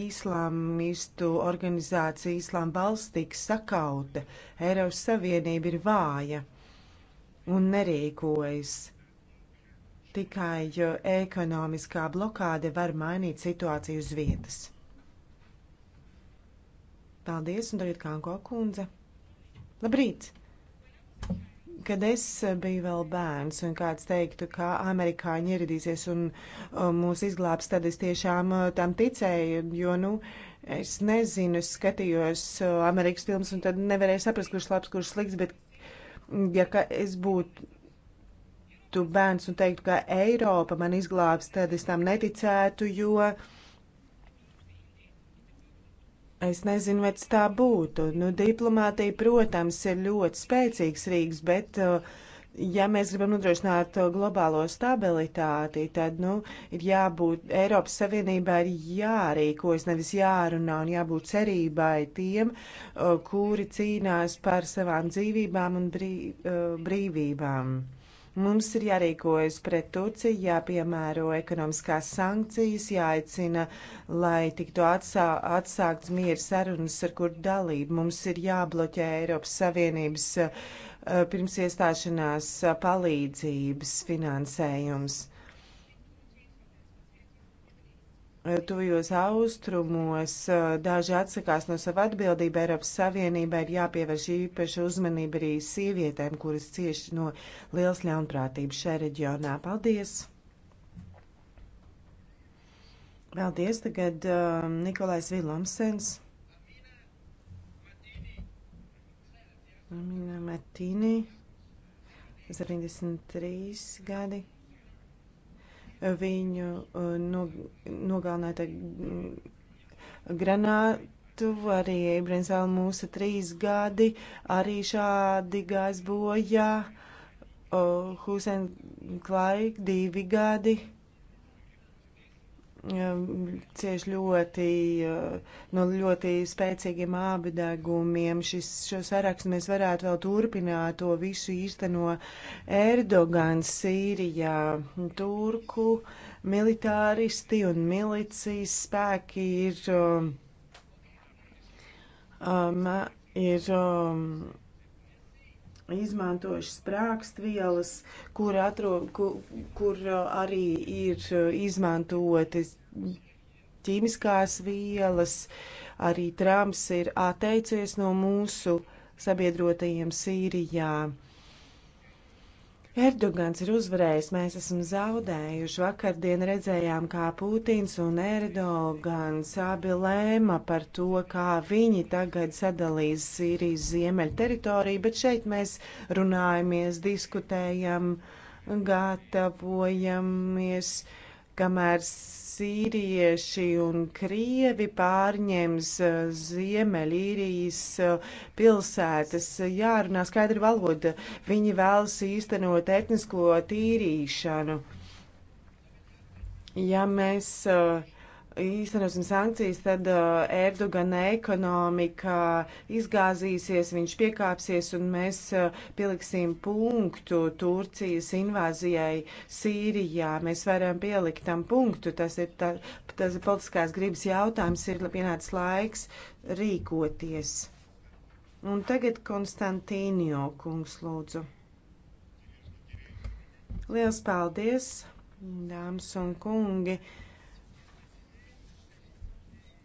islāmistu organizācija Islām valsts tiks sakauta. Eiropas Savienība ir vāja un nerīkojas. Tikai ekonomiskā blokāde var mainīt situāciju uz vietas. Paldies, un tagad Kanko kundze. Labrīt! kad es biju vēl bērns un kāds teiktu, ka amerikāņi ieradīsies un uh, mūs izglābs, tad es tiešām uh, tam ticēju, jo, nu, es nezinu, es skatījos uh, Amerikas filmas un tad nevarēju saprast, kurš labs, kurš slikts, bet, ja ka es būtu bērns un teiktu, ka Eiropa man izglābs, tad es tam neticētu, jo. Uh, Es nezinu, vai tā būtu. Nu, diplomātija, protams, ir ļoti spēcīgs rīks, bet, uh, ja mēs gribam nodrošināt uh, globālo stabilitāti, tad, nu, ir jābūt Eiropas Savienībā ir jārīkojas, nevis jārunā un jābūt cerībai tiem, uh, kuri cīnās par savām dzīvībām un brīvībām. Mums ir jārīkojas pret Turciju, jāpiemēro ekonomiskās sankcijas, jāaicina, lai tiktu atsā, atsākts mieru sarunas ar kur dalību. Mums ir jābloķē Eiropas Savienības eh, pirms iestāšanās eh, palīdzības finansējums. tuvijos austrumos daži atsakās no sava atbildība. Eiropas Savienībai ir jāpievērš īpaša uzmanība arī sievietēm, kuras cieši no liels ļaunprātības šajā reģionā. Paldies! Paldies! Tagad uh, Nikolais Vilamsens. Amina Matīni, 73 gadi viņu eh, no, nogalināta mm, granātu, arī Ibrahim Salmūsa trīs gadi, arī šādi gājas bojā, Husen Klaik divi gadi. Um, cieš ļoti uh, no ļoti spēcīgiem ābedegumiem. Šis, šo sarakstu mēs varētu vēl turpināt, to visu īsteno Erdogans Sīrijā. Turku militāristi un milicijas spēki ir. Um, um ir um, izmantojuši sprākstvielas, kur, atro, kur, kur uh, arī ir uh, izmantotas ķīmiskās vielas, arī Trumps ir atteicies no mūsu sabiedrotajiem Sīrijā. Erdogans ir uzvarējis, mēs esam zaudējuši. Vakardien redzējām, kā Pūtins un Erdogans abi lēma par to, kā viņi tagad sadalīs Sīrijas ziemeļu teritoriju, bet šeit mēs runājamies, diskutējam, gatavojamies, kamēr sīrieši un krievi pārņems eh, Ziemeļīrijas eh, pilsētas. Jārunā skaidra valoda. Viņi vēlas īstenot etnisko tīrīšanu. Ja mēs uh, īstenosim sankcijas, tad uh, Erdogana ekonomika izgāzīsies, viņš piekāpsies un mēs uh, pieliksim punktu Turcijas invāzijai Sīrijā. Mēs varam pielikt tam punktu. Tas ir, tā, tas ir politiskās gribas jautājums, ir pienācis laiks rīkoties. Un tagad Konstantīnio kungs lūdzu. Liels paldies, dāmas un kungi! Uh,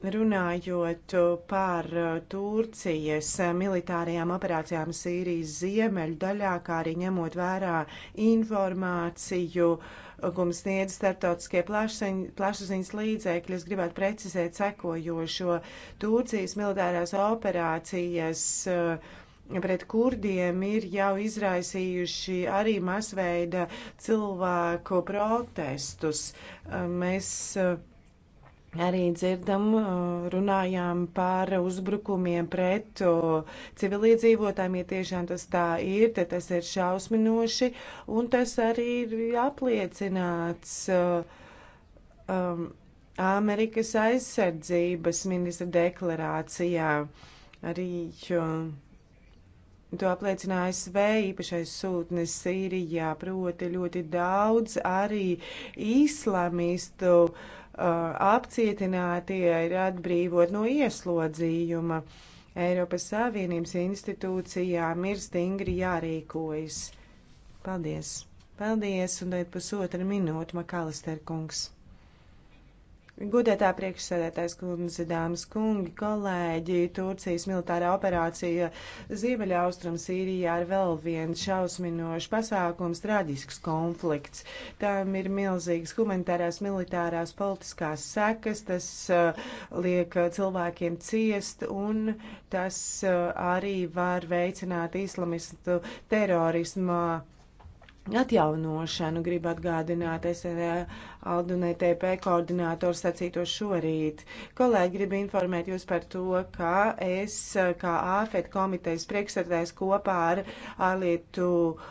Runājot par uh, Turcijas uh, militārajām operācijām Sīrijas ziemeļu daļā, kā arī ņemot vērā informāciju, uh, ko mums sniedz starptautiskie plašsaziņas līdzēkļi, es gribētu precizēt sekojošo Turcijas militārās operācijas. Pret kurdiem ir jau izraisījuši arī masveida cilvēku protestus. Mēs Arī dzirdam, runājām par uzbrukumiem pret civiliedzīvotājiem, ja tiešām tas tā ir, tad tas ir šausminoši, un tas arī ir apliecināts um, Amerikas aizsardzības ministra deklarācijā. Arī to apliecina ASV īpašais sūtnis Sīrijā, proti ļoti daudz arī islamistu. Uh, apcietinātie ir atbrīvot no ieslodzījuma. Eiropas Savienības institūcijām ir stingri jārīkojas. Paldies! Paldies, un tagad pusotra minūte, Makalister kungs. Gudētā priekšsēdētājs kundze, dāmas kungi, kolēģi, Turcijas militārā operācija Ziemeļa austrum Sīrijā ir vēl viens šausminošs pasākums, traģisks konflikts. Tām ir milzīgas humanitārās, militārās, politiskās sekas, tas uh, liek uh, cilvēkiem ciest un tas uh, arī var veicināt islamistu terorismu atjaunošanu. Gribu atgādināt Aldu un ETP koordinātoru sacīto šorīt. Kolēģi, gribu informēt jūs par to, ka es kā AFET komitejas priekšsēdētājs kopā ar ārlietu uh,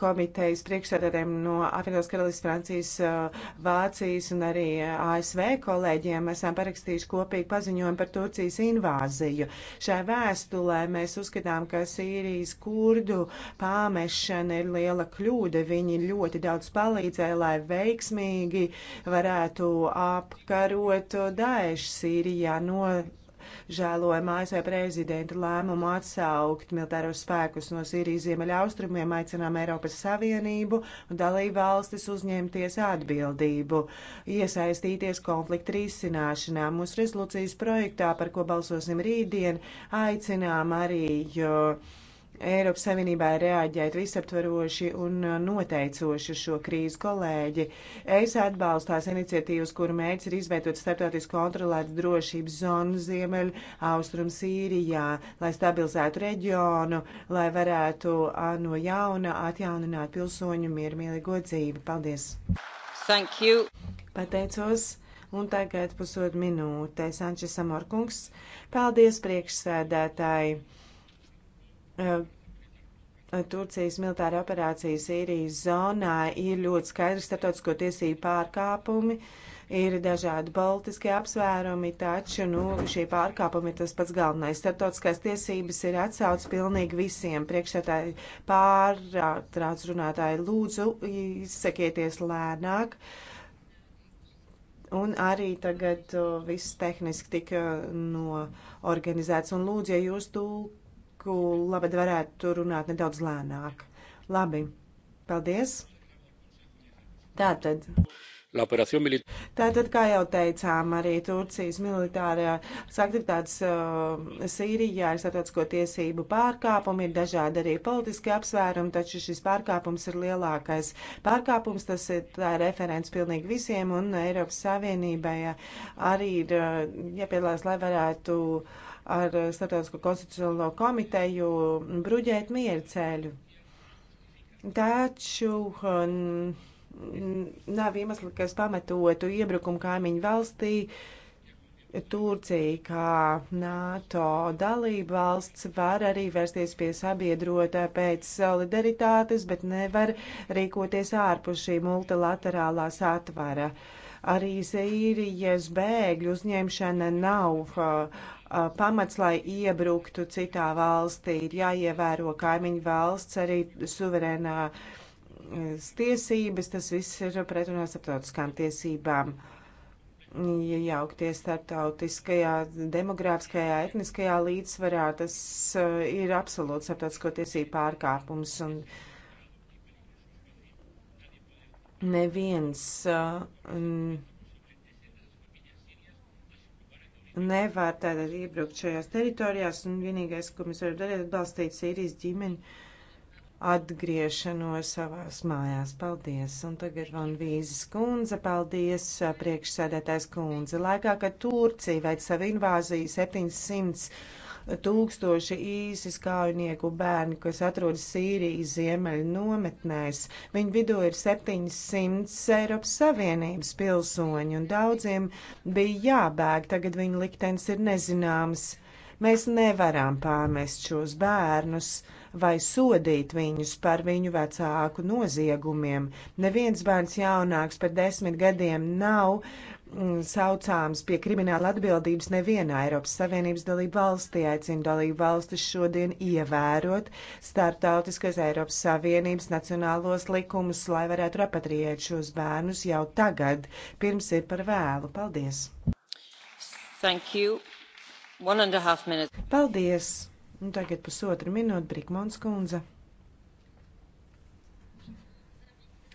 komitejas priekšsēdētājiem no Afrikas Karalīs, Francijas, eh, Vācijas un arī eh, ASV kolēģiem esam parakstījuši kopīgi paziņojumu par Turcijas invāziju. Šai vēstulē mēs uzskatām, ka Sīrijas kurdu pāmešana ir liela kļūda. Viņi ļoti daudz palīdzēja, lai veiksmīgi varētu apkarot Daešu Sīrijā no žēlojam ASV prezidenta lēmumu atsaukt militāros spēkus no Sīrijas ziemeļaustrumiem, aicinām Eiropas Savienību un dalību valstis uzņemties atbildību, iesaistīties konflikta risināšanā. Mūsu rezolūcijas projektā, par ko balsosim rītdien, aicinām arī. Jo, Eiropas Savienībā ir reaģēt visaptvaroši un noteicoši uz šo krīzi. Kolēģi, es atbalstu tās iniciatīvas, kuru mērķis ir izveidot starptautiski kontrolētu drošības zonu Ziemeļu Austrum Sīrijā, lai stabilizētu reģionu, lai varētu no jauna atjaunināt pilsoņu miermīlīgo dzīvi. Paldies! Thank you! Pateicos! Un tagad pusot minūte Sančesam Orkungs. Paldies priekšsēdētāji! Eh, Turcijas militāra operācija Sīrijas zonā ir ļoti skaidri starptautisko tiesību pārkāpumi, ir dažādi politiskie apsvērumi, taču nu, šie pārkāpumi ir tas pats galvenais. Starptautiskās tiesības ir atsauc pilnīgi visiem. Priekšsētāji pārtrauc runātāji, lūdzu, izsakieties lēnāk. Un arī tagad eh, viss tehniski tika eh, noorganizēts. Un lūdzu, ja jūs tūlīt Kū, labi, varētu runāt nedaudz lēnāk. Labi, paldies. Tātad. Tātad, kā jau teicām, arī Turcijas militārās aktivitātes uh, Sīrijā ir starptautisko tiesību pārkāpumi, ir dažādi arī politiski apsvērumi, taču šis pārkāpums ir lielākais pārkāpums, tas ir tā referents pilnīgi visiem, un Eiropas Savienībai uh, arī ir uh, jāpiedalās, lai varētu uh, ar eh, Startautisko konstitucionālo komiteju bruģēt mieru ceļu. Taču eh, nav iemesli, kas pamatotu iebrukumu kaimiņu valstī. Turcija, kā NATO dalība valsts, var arī vērsties pie sabiedrotā pēc solidaritātes, bet nevar rīkoties ārpus šī multilaterālā satvara. Uh, Arī Zīrijas bēgļu uzņemšana nav uh, uh, pamats, lai iebruktu citā valstī. Ir jāievēro kaimiņu valsts arī suverēnā uh, tiesības. Tas viss ir pretrunā starptautiskām tiesībām iejaukties starptautiskajā, demogrāfiskajā, etniskajā līdzsvarā, tas uh, ir absolūts starptautisko tiesību pārkāpums. Un, uh, neviens mm, nevar tātad iebrukt šajās teritorijās, un vienīgais, ko mēs varam darīt, atbalstīt Sīrijas ģimeni atgriešanos savās mājās. Paldies! Un tagad Van Vīzes kundze, paldies, uh, priekšsēdētājs kundze. Laikā, kad Turcija veic savu invāziju 700 tūkstoši īsis kaujinieku bērni, kas atrodas Sīrijas ziemeļu nometnēs. Viņu vidū ir 700 Eiropas Savienības pilsoņi, un daudziem bija jābēg, tagad viņu liktenis ir nezināms. Mēs nevaram pārmest šos bērnus vai sodīt viņus par viņu vecāku noziegumiem. Neviens bērns jaunāks par desmit gadiem nav uh, saucāms pie krimināla atbildības nevienā Eiropas Savienības dalību valstī. Aicinu dalību valstis šodien ievērot startautiskais Eiropas Savienības nacionālos likumus, lai varētu repatriēt šos bērnus jau tagad, pirms ir par vēlu. Paldies! Paldies! Un tagad pusotra minūte Brikmons kundze.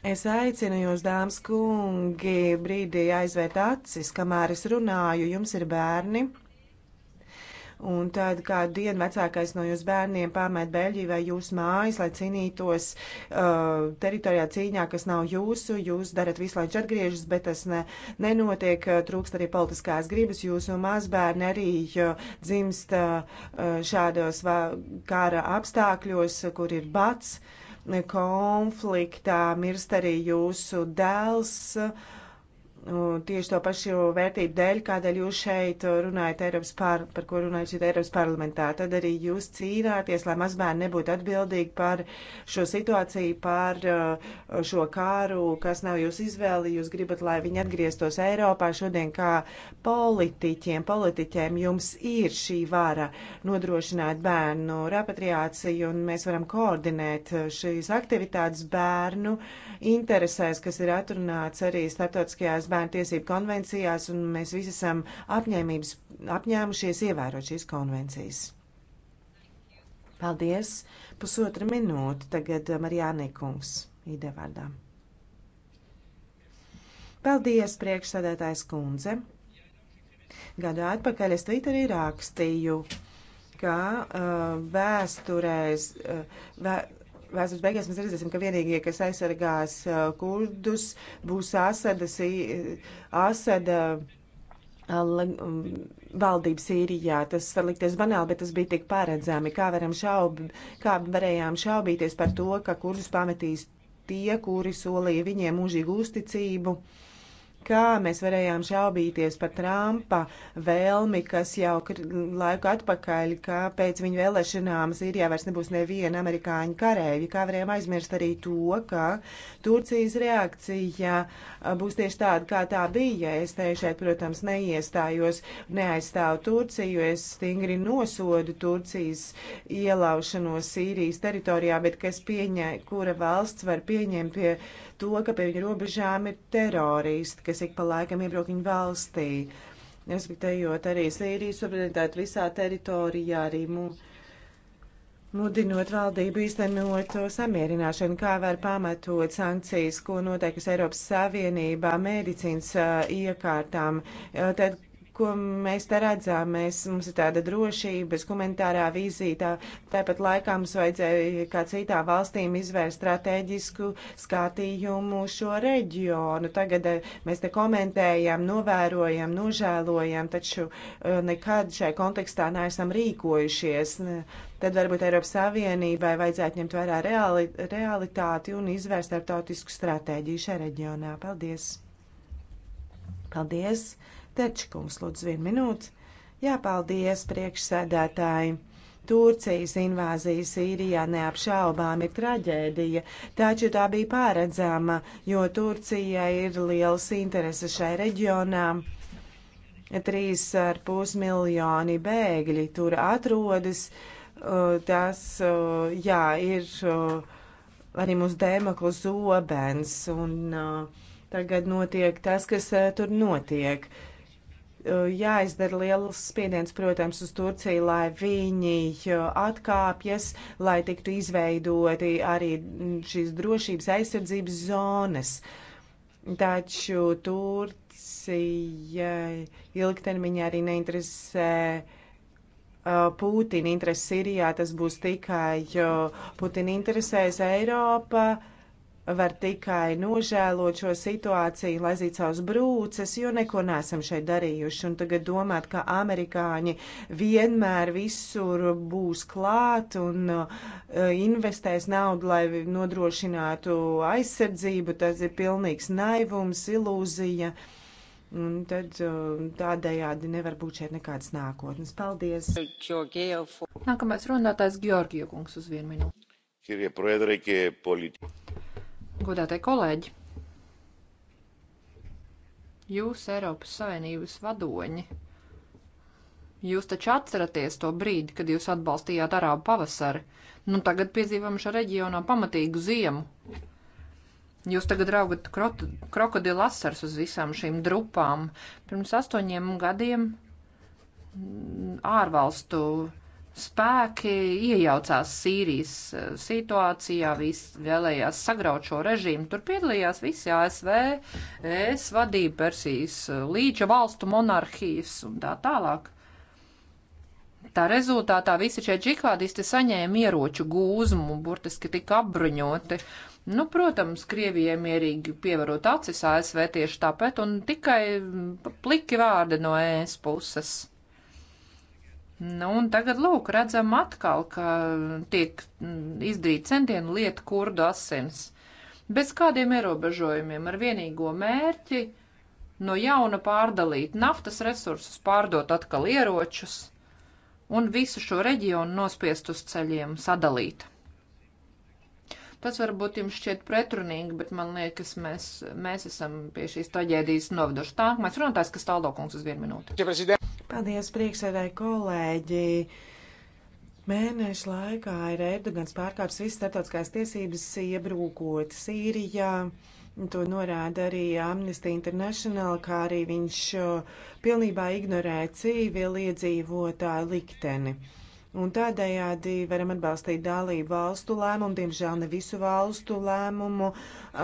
Es aicinu jūs, dāmas kungi, brīdī aizvērt acis, kamēr es runāju, jums ir bērni. Un tad kādu dienu vecākais no jūsu bērniem pārmet Beļģiju vai jūsu mājas, lai cīnītos uh, teritorijā cīņā, kas nav jūsu. Jūs darat visu, lai viņš atgriežas, bet tas ne, nenotiek. Uh, trūkst arī politiskās gribas. Jūsu mazbērni arī uh, dzimst uh, šādos kara apstākļos, kur ir bats. Uh, konfliktā mirst arī jūsu dēls. Uh, Nu, tieši to pašu vērtību dēļ, kādēļ jūs šeit runājat Eiropas par, par ko runājat šeit Eiropas parlamentā. Tad arī jūs cīnāties, lai mazbērni nebūtu atbildīgi par šo situāciju, par uh, šo kāru, kas nav jūs izvēli. Jūs gribat, lai viņi atgrieztos Eiropā. Šodien kā politiķiem, politiķiem jums ir šī vara nodrošināt bērnu repatriāciju, un mēs varam koordinēt šīs aktivitātes bērnu interesēs, kas ir atrunāts arī starptautiskajās bērnu tiesību konvencijās, un mēs visi esam apņēmušies ievērot šīs konvencijas. Paldies! Pusotra minūte tagad eh, Marijānī kungs ideja vārdā. Paldies, priekšsēdētājs kundze! Gadu atpakaļ es Twitterī rakstīju, ka uh, vēsturēs, uh, vē, vēstures beigās mēs redzēsim, ka vienīgie, kas aizsargās uh, kurdus, būs Asada, uh, Asada uh, um, valdība Sīrijā. Tas var likties banāli, bet tas bija tik paredzami. Kā, šaub, kā varējām šaubīties par to, ka kurdus pametīs tie, kuri solīja viņiem mūžīgu uzticību. Uh, kā mēs varējām šaubīties par Trumpa vēlmi, kas jau laiku atpakaļ, ka pēc viņa vēlēšanām Sīrijā vairs nebūs neviena amerikāņu karēvi, kā varējām aizmirst arī to, ka Turcijas reakcija būs tieši tāda, kā tā bija. Es te šeit, protams, neiestājos, neaizstāvu Turciju, es stingri nosodu Turcijas ielaušanos Sīrijas teritorijā, bet kas pieņē, kura valsts var pieņemt pie to, ka pie viņa robežām ir teroristi, kas mēs ik pa laikam iebraukt viņu valstī, respektējot arī Sīrijas suverenitāti visā teritorijā, arī mūsu. Mudinot valdību īstenot samierināšanu, kā var pamatot sankcijas, ko noteikusi Eiropas Savienībā medicīnas uh, iekārtām, uh, tad, ko mēs te redzam. Mēs, mums ir tāda drošības, komentārā vizītā. Tāpat laikā mums vajadzēja kā citā valstīm izvērst strateģisku skatījumu šo reģionu. Tagad eh, mēs te komentējam, novērojam, nožēlojam, taču eh, nekad šai kontekstā neesam rīkojušies. Tad varbūt Eiropas Savienībai vajadzētu ņemt vērā reali, realitāti un izvērst starptautisku stratēģiju šajā reģionā. Paldies! Paldies! Tečkungs, lūdzu, vienu minūti. Jā, paldies, priekšsēdētāji. Turcijas invāzija Sīrijā neapšaubām ir traģēdija, taču tā bija pāredzama, jo Turcija ir liels interese šai reģionā. 3,5 miljoni bēgļi tur atrodas. Tas, jā, ir arī mūsu dēmaklu zobens, un tagad notiek tas, kas e, tur notiek. Eh, jāizdara liels spiediens, protams, uz Turciju, lai viņi eh, atkāpjas, lai tiktu izveidoti arī mm, šīs drošības aizsardzības zonas. Taču Turcija ilgtermiņā arī neinteresē. Eh, Putina intereses Sirijā, tas būs tikai Putina interesēs Eiropa. Uh, var tikai nožēlot šo situāciju, laizīt savus brūces, jo neko nesam šeit darījuši. Un tagad domāt, ka amerikāņi vienmēr visur būs klāt un uh, investēs naudu, lai nodrošinātu aizsardzību, tas ir pilnīgs naivums, ilūzija. Un tad uh, tādējādi nevar būt šeit nekādas nākotnes. Paldies! Nākamais runātājs Georgija kungs uz vienu minūti. Κύριε Πρόεδρε και πολιτική. Godātie kolēģi, jūs Eiropas Savienības vadoņi, jūs taču atceraties to brīdi, kad jūs atbalstījāt arābu pavasari. Nu, tagad piedzīvam šajā reģionā pamatīgu ziemu. Jūs tagad raugat krokodilu asars uz visām šīm drupām. Pirms astoņiem gadiem mm, ārvalstu spēki iejaucās Sīrijas eh, situācijā, vis, vēlējās sagraut šo režīmu. Tur piedalījās visi ASV, es vadīju Persijas eh, līča valstu monarhijas un tā tālāk. Tā rezultātā visi šie džihādisti saņēma ieroču gūzmu, burtiski tika apbruņoti. Nu, protams, Krievijai mierīgi pievarot acis ASV tieši tāpēc, un tikai pliki vārdi no ES puses. Nu, un tagad, lūk, redzam atkal, ka tiek mm, izdarīta centienu lieta kurdu asins. Bez kādiem ierobežojumiem, ar vienīgo mērķi no jauna pārdalīt naftas resursus, pārdot atkal ieročus un visu šo reģionu nospiest uz ceļiem, sadalīt. Tas varbūt jums šķiet pretrunīgi, bet man liekas, mēs, mēs esam pie šīs traģēdijas noveduši. Tā, mēs runātājs, kas tālāk kungs uz vienu minūti. Paldies, priekšsēdēji kolēģi! Mēnešu laikā ir Erdogans pārkāps visas starptautiskās tiesības iebrūkot Sīrijā. To norāda arī Amnesty International, kā arī viņš pilnībā ignorē civiliedzīvotāju likteni. Un tādējādi varam atbalstīt dalību valstu lēmumu, diemžēl ne visu valstu lēmumu,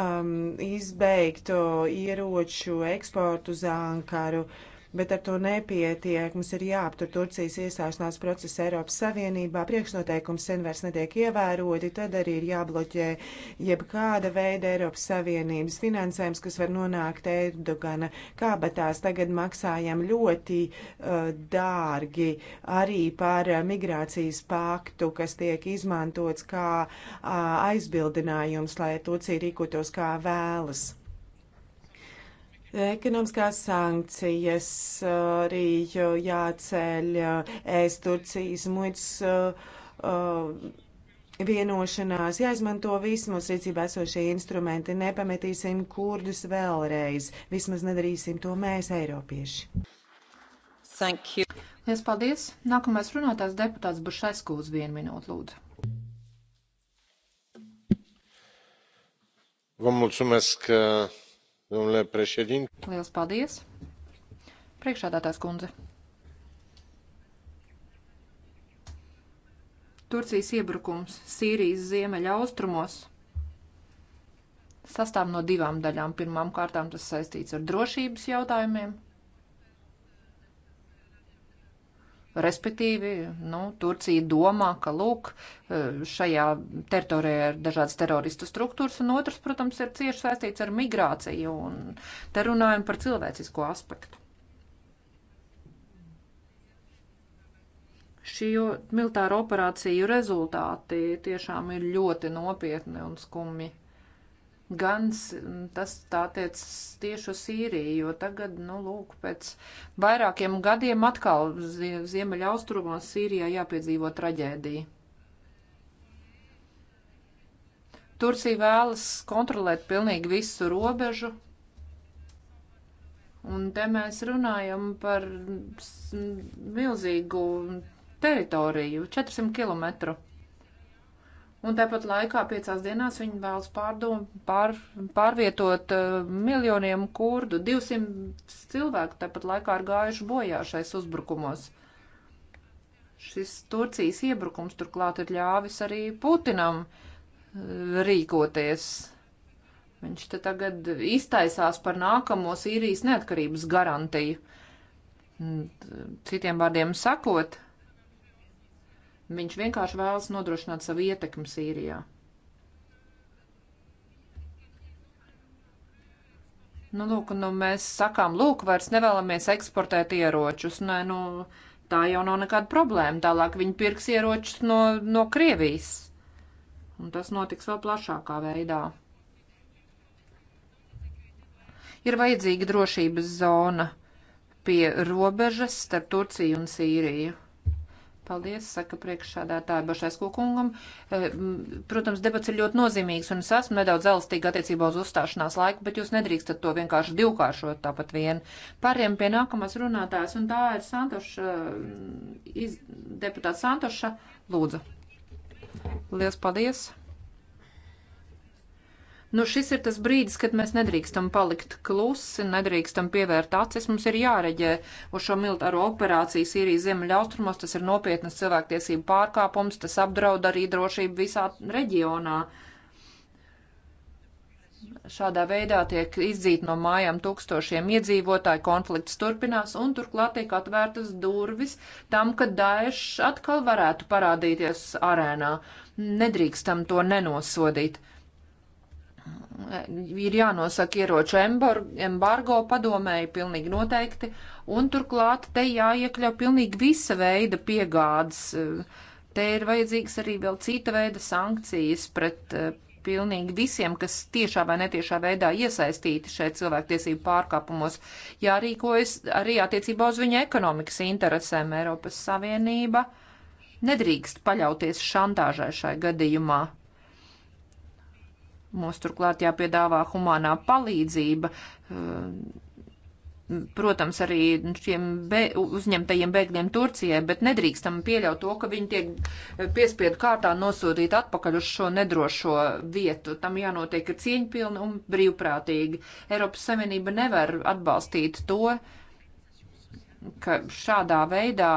um, izbeigt ieroču eksportu uz Ankaru. Uh, Bet ar to nepietiek. Mums ir jāaptur Turcijas iestāšanās procesa Eiropas Savienībā. Priekšnoteikumi sen vairs netiek ievēroti. Tad arī ir jābloķē jebkāda veida Eiropas Savienības finansējums, kas var nonākt Erdogana kābatās. Tagad maksājam ļoti uh, dārgi arī par uh, migrācijas paktu, kas tiek izmantots kā uh, aizbildinājums, lai Turcija rīkotos kā vēlas. Ekonomiskās sankcijas arī jāceļ eh, ēst Turcijas muitas eh, eh, vienošanās, jāizmanto visi mūsu rīcībā esošie instrumenti, nepametīsim kurdus vēlreiz, vismaz nedarīsim to mēs, Eiropieši. Thank you. Lies paldies. Nākamais runātājs deputāts Bušaisku uz vienu minūtu lūdzu. Vă mulțumesc, domnule președinte. Lielas paldies! Priekšādātās kundze. Turcijas iebrukums Sīrijas ziemeļa austrumos sastāv no divām daļām. Pirmām kārtām tas saistīts ar drošības jautājumiem, Respektīvi, nu, Turcija domā, ka, lūk, e, šajā teritorijā ir dažādas teroristu struktūras, un otrs, protams, ir cieši saistīts ar migrāciju, un te runājam par cilvēcisko aspektu. Šī militāra operāciju rezultāti tiešām ir ļoti nopietni un skumji gan tas tā tiec tieši uz Sīriju, jo tagad, nu, lūk, pēc vairākiem gadiem atkal zie, ziemeļa austrumos Sīrijā jāpiedzīvo traģēdija. Turcija vēlas kontrolēt pilnīgi visu robežu, un te mēs runājam par milzīgu teritoriju - 400 kilometru un tāpat laikā piecās dienās viņi vēlas pārdom, pār, pārvietot uh, miljoniem kurdu. 200 cilvēku tāpat laikā ir gājuši bojā šais uzbrukumos. Šis Turcijas iebrukums turklāt ir ļāvis arī Putinam uh, rīkoties. Viņš te tagad iztaisās par nākamo Sīrijas neatkarības garantiju. Citiem vārdiem sakot, Viņš vienkārši vēlas nodrošināt savu ietekmi Sīrijā. Nu, lūk, nu, mēs sakām, lūk, vairs nevēlamies eksportēt ieročus. Nē, nu, tā jau nav nekāda problēma. Tālāk viņi pirks ieročus no, no Krievijas. Un tas notiks vēl plašākā veidā. Ir vajadzīga drošības zona pie robežas starp Turciju un Sīriju. Paldies, saka priekšsādātāja Bašaisko kungam. Eh, protams, debats ir ļoti nozīmīgs, un es esmu nedaudz elastīga attiecībā uz uzstāšanās laiku, bet jūs nedrīkstat to vienkārši divkāršot tāpat vien. Pāriem pie nākamās runātājas, un tā ir Santoša, eh, iz, deputāts Santoša Lūdza. Lielas paldies! Nu, šis ir tas brīdis, kad mēs nedrīkstam palikt klusi, nedrīkstam pievērt acis. Mums ir jāreģē uz šo militāro operāciju Sīrijas ziemeļaustrumos. Tas ir nopietnas cilvēktiesību pārkāpums, tas apdraud arī drošību visā reģionā. Šādā veidā tiek izdzīti no mājām tūkstošiem iedzīvotāju, konflikts turpinās, un turklāt tiek atvērtas durvis tam, ka Daesh atkal varētu parādīties arēnā. Nedrīkstam to nenosodīt ir jānosaka ieroču embargo padomēji pilnīgi noteikti, un turklāt te jāiekļau pilnīgi visa veida piegādes. Te ir vajadzīgs arī vēl cita veida sankcijas pret eh, pilnīgi visiem, kas tiešā vai netiešā veidā iesaistīti šeit cilvēktiesību pārkāpumos, jārīkojas arī attiecībā uz viņu ekonomikas interesēm. Eiropas Savienība nedrīkst paļauties šantāžai šai gadījumā. Mums turklāt jāpiedāvā humānā palīdzība. Eh, protams, arī šiem be, uzņemtajiem bēgļiem Turcijai, bet nedrīkstam pieļaut to, ka viņi tiek piespiedu kārtā nosūtīt atpakaļ uz šo nedrošo vietu. Tam jānotiek cieņpilni un brīvprātīgi. Eiropas Savienība nevar atbalstīt to, ka šādā veidā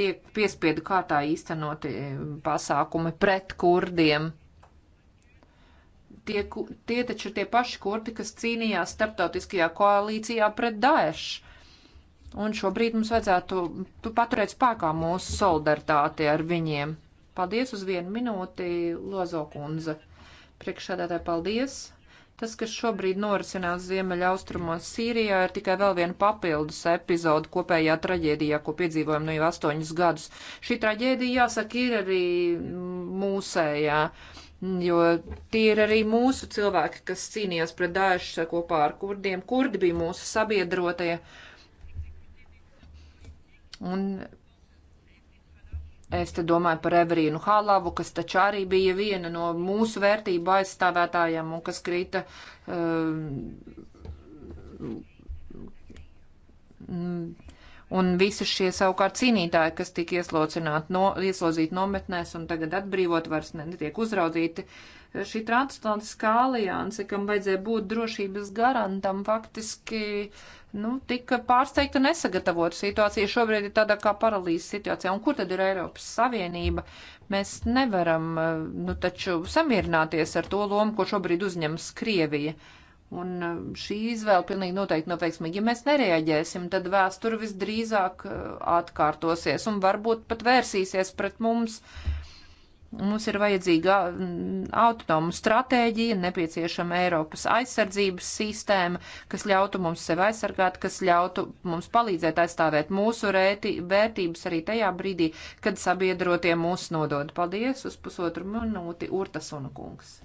tiek piespiedu kārtā īstenoti pasākumi pret kurdiem tie, tie taču ir tie paši kurdi, kas cīnījās starptautiskajā koalīcijā pret Daešu. Un šobrīd mums vajadzētu paturēt spēkā mūsu solidaritāti ar viņiem. Paldies uz vienu minūti, Lozo kundze. Priekšsēdētāji, paldies! Tas, kas šobrīd norisinās Ziemeļaustrumos Sīrijā, ir tikai vēl viena papildus epizode kopējā traģēdijā, ko piedzīvojam nu jau astoņus gadus. Šī traģēdija, jāsaka, ir arī mūsējā jo tie ir arī mūsu cilvēki, kas cīnījās pret dāšu kopā ar kurdiem. Kurdi bija mūsu sabiedrotie. Un es te domāju par Everīnu Halavu, kas taču arī bija viena no mūsu vērtību aizstāvētājiem un kas krita. Uh, um, un visi šie savukārt cīnītāji, kas tika ieslocināti, no, ieslodzīti nometnēs un tagad atbrīvot, vairs netiek uzraudzīti. Šī transatlantiskā alianse, kam vajadzēja būt drošības garantam, faktiski nu, tika pārsteigta nesagatavota situācija. Šobrīd ir tādā kā paralīzes situācijā. Un kur tad ir Eiropas Savienība? Mēs nevaram, eh, nu, taču samierināties ar to lomu, ko šobrīd uzņems Krievija. Uh, Un e, šī izvēle pilnīgi noteikti nav veiksmīga. Ja mēs nereaģēsim, tad vēsture visdrīzāk e, atkārtosies un varbūt pat vērsīsies pret mums. Mums ir vajadzīga autonoma stratēģija, nepieciešama Eiropas aizsardzības sistēma, kas ļautu mums sevi aizsargāt, kas ļautu mums palīdzēt aizstāvēt mūsu rēti, vērtības arī tajā brīdī, kad sabiedrotie mūs nodod. Paldies uz pusotru minūti, Urtas Unukungs.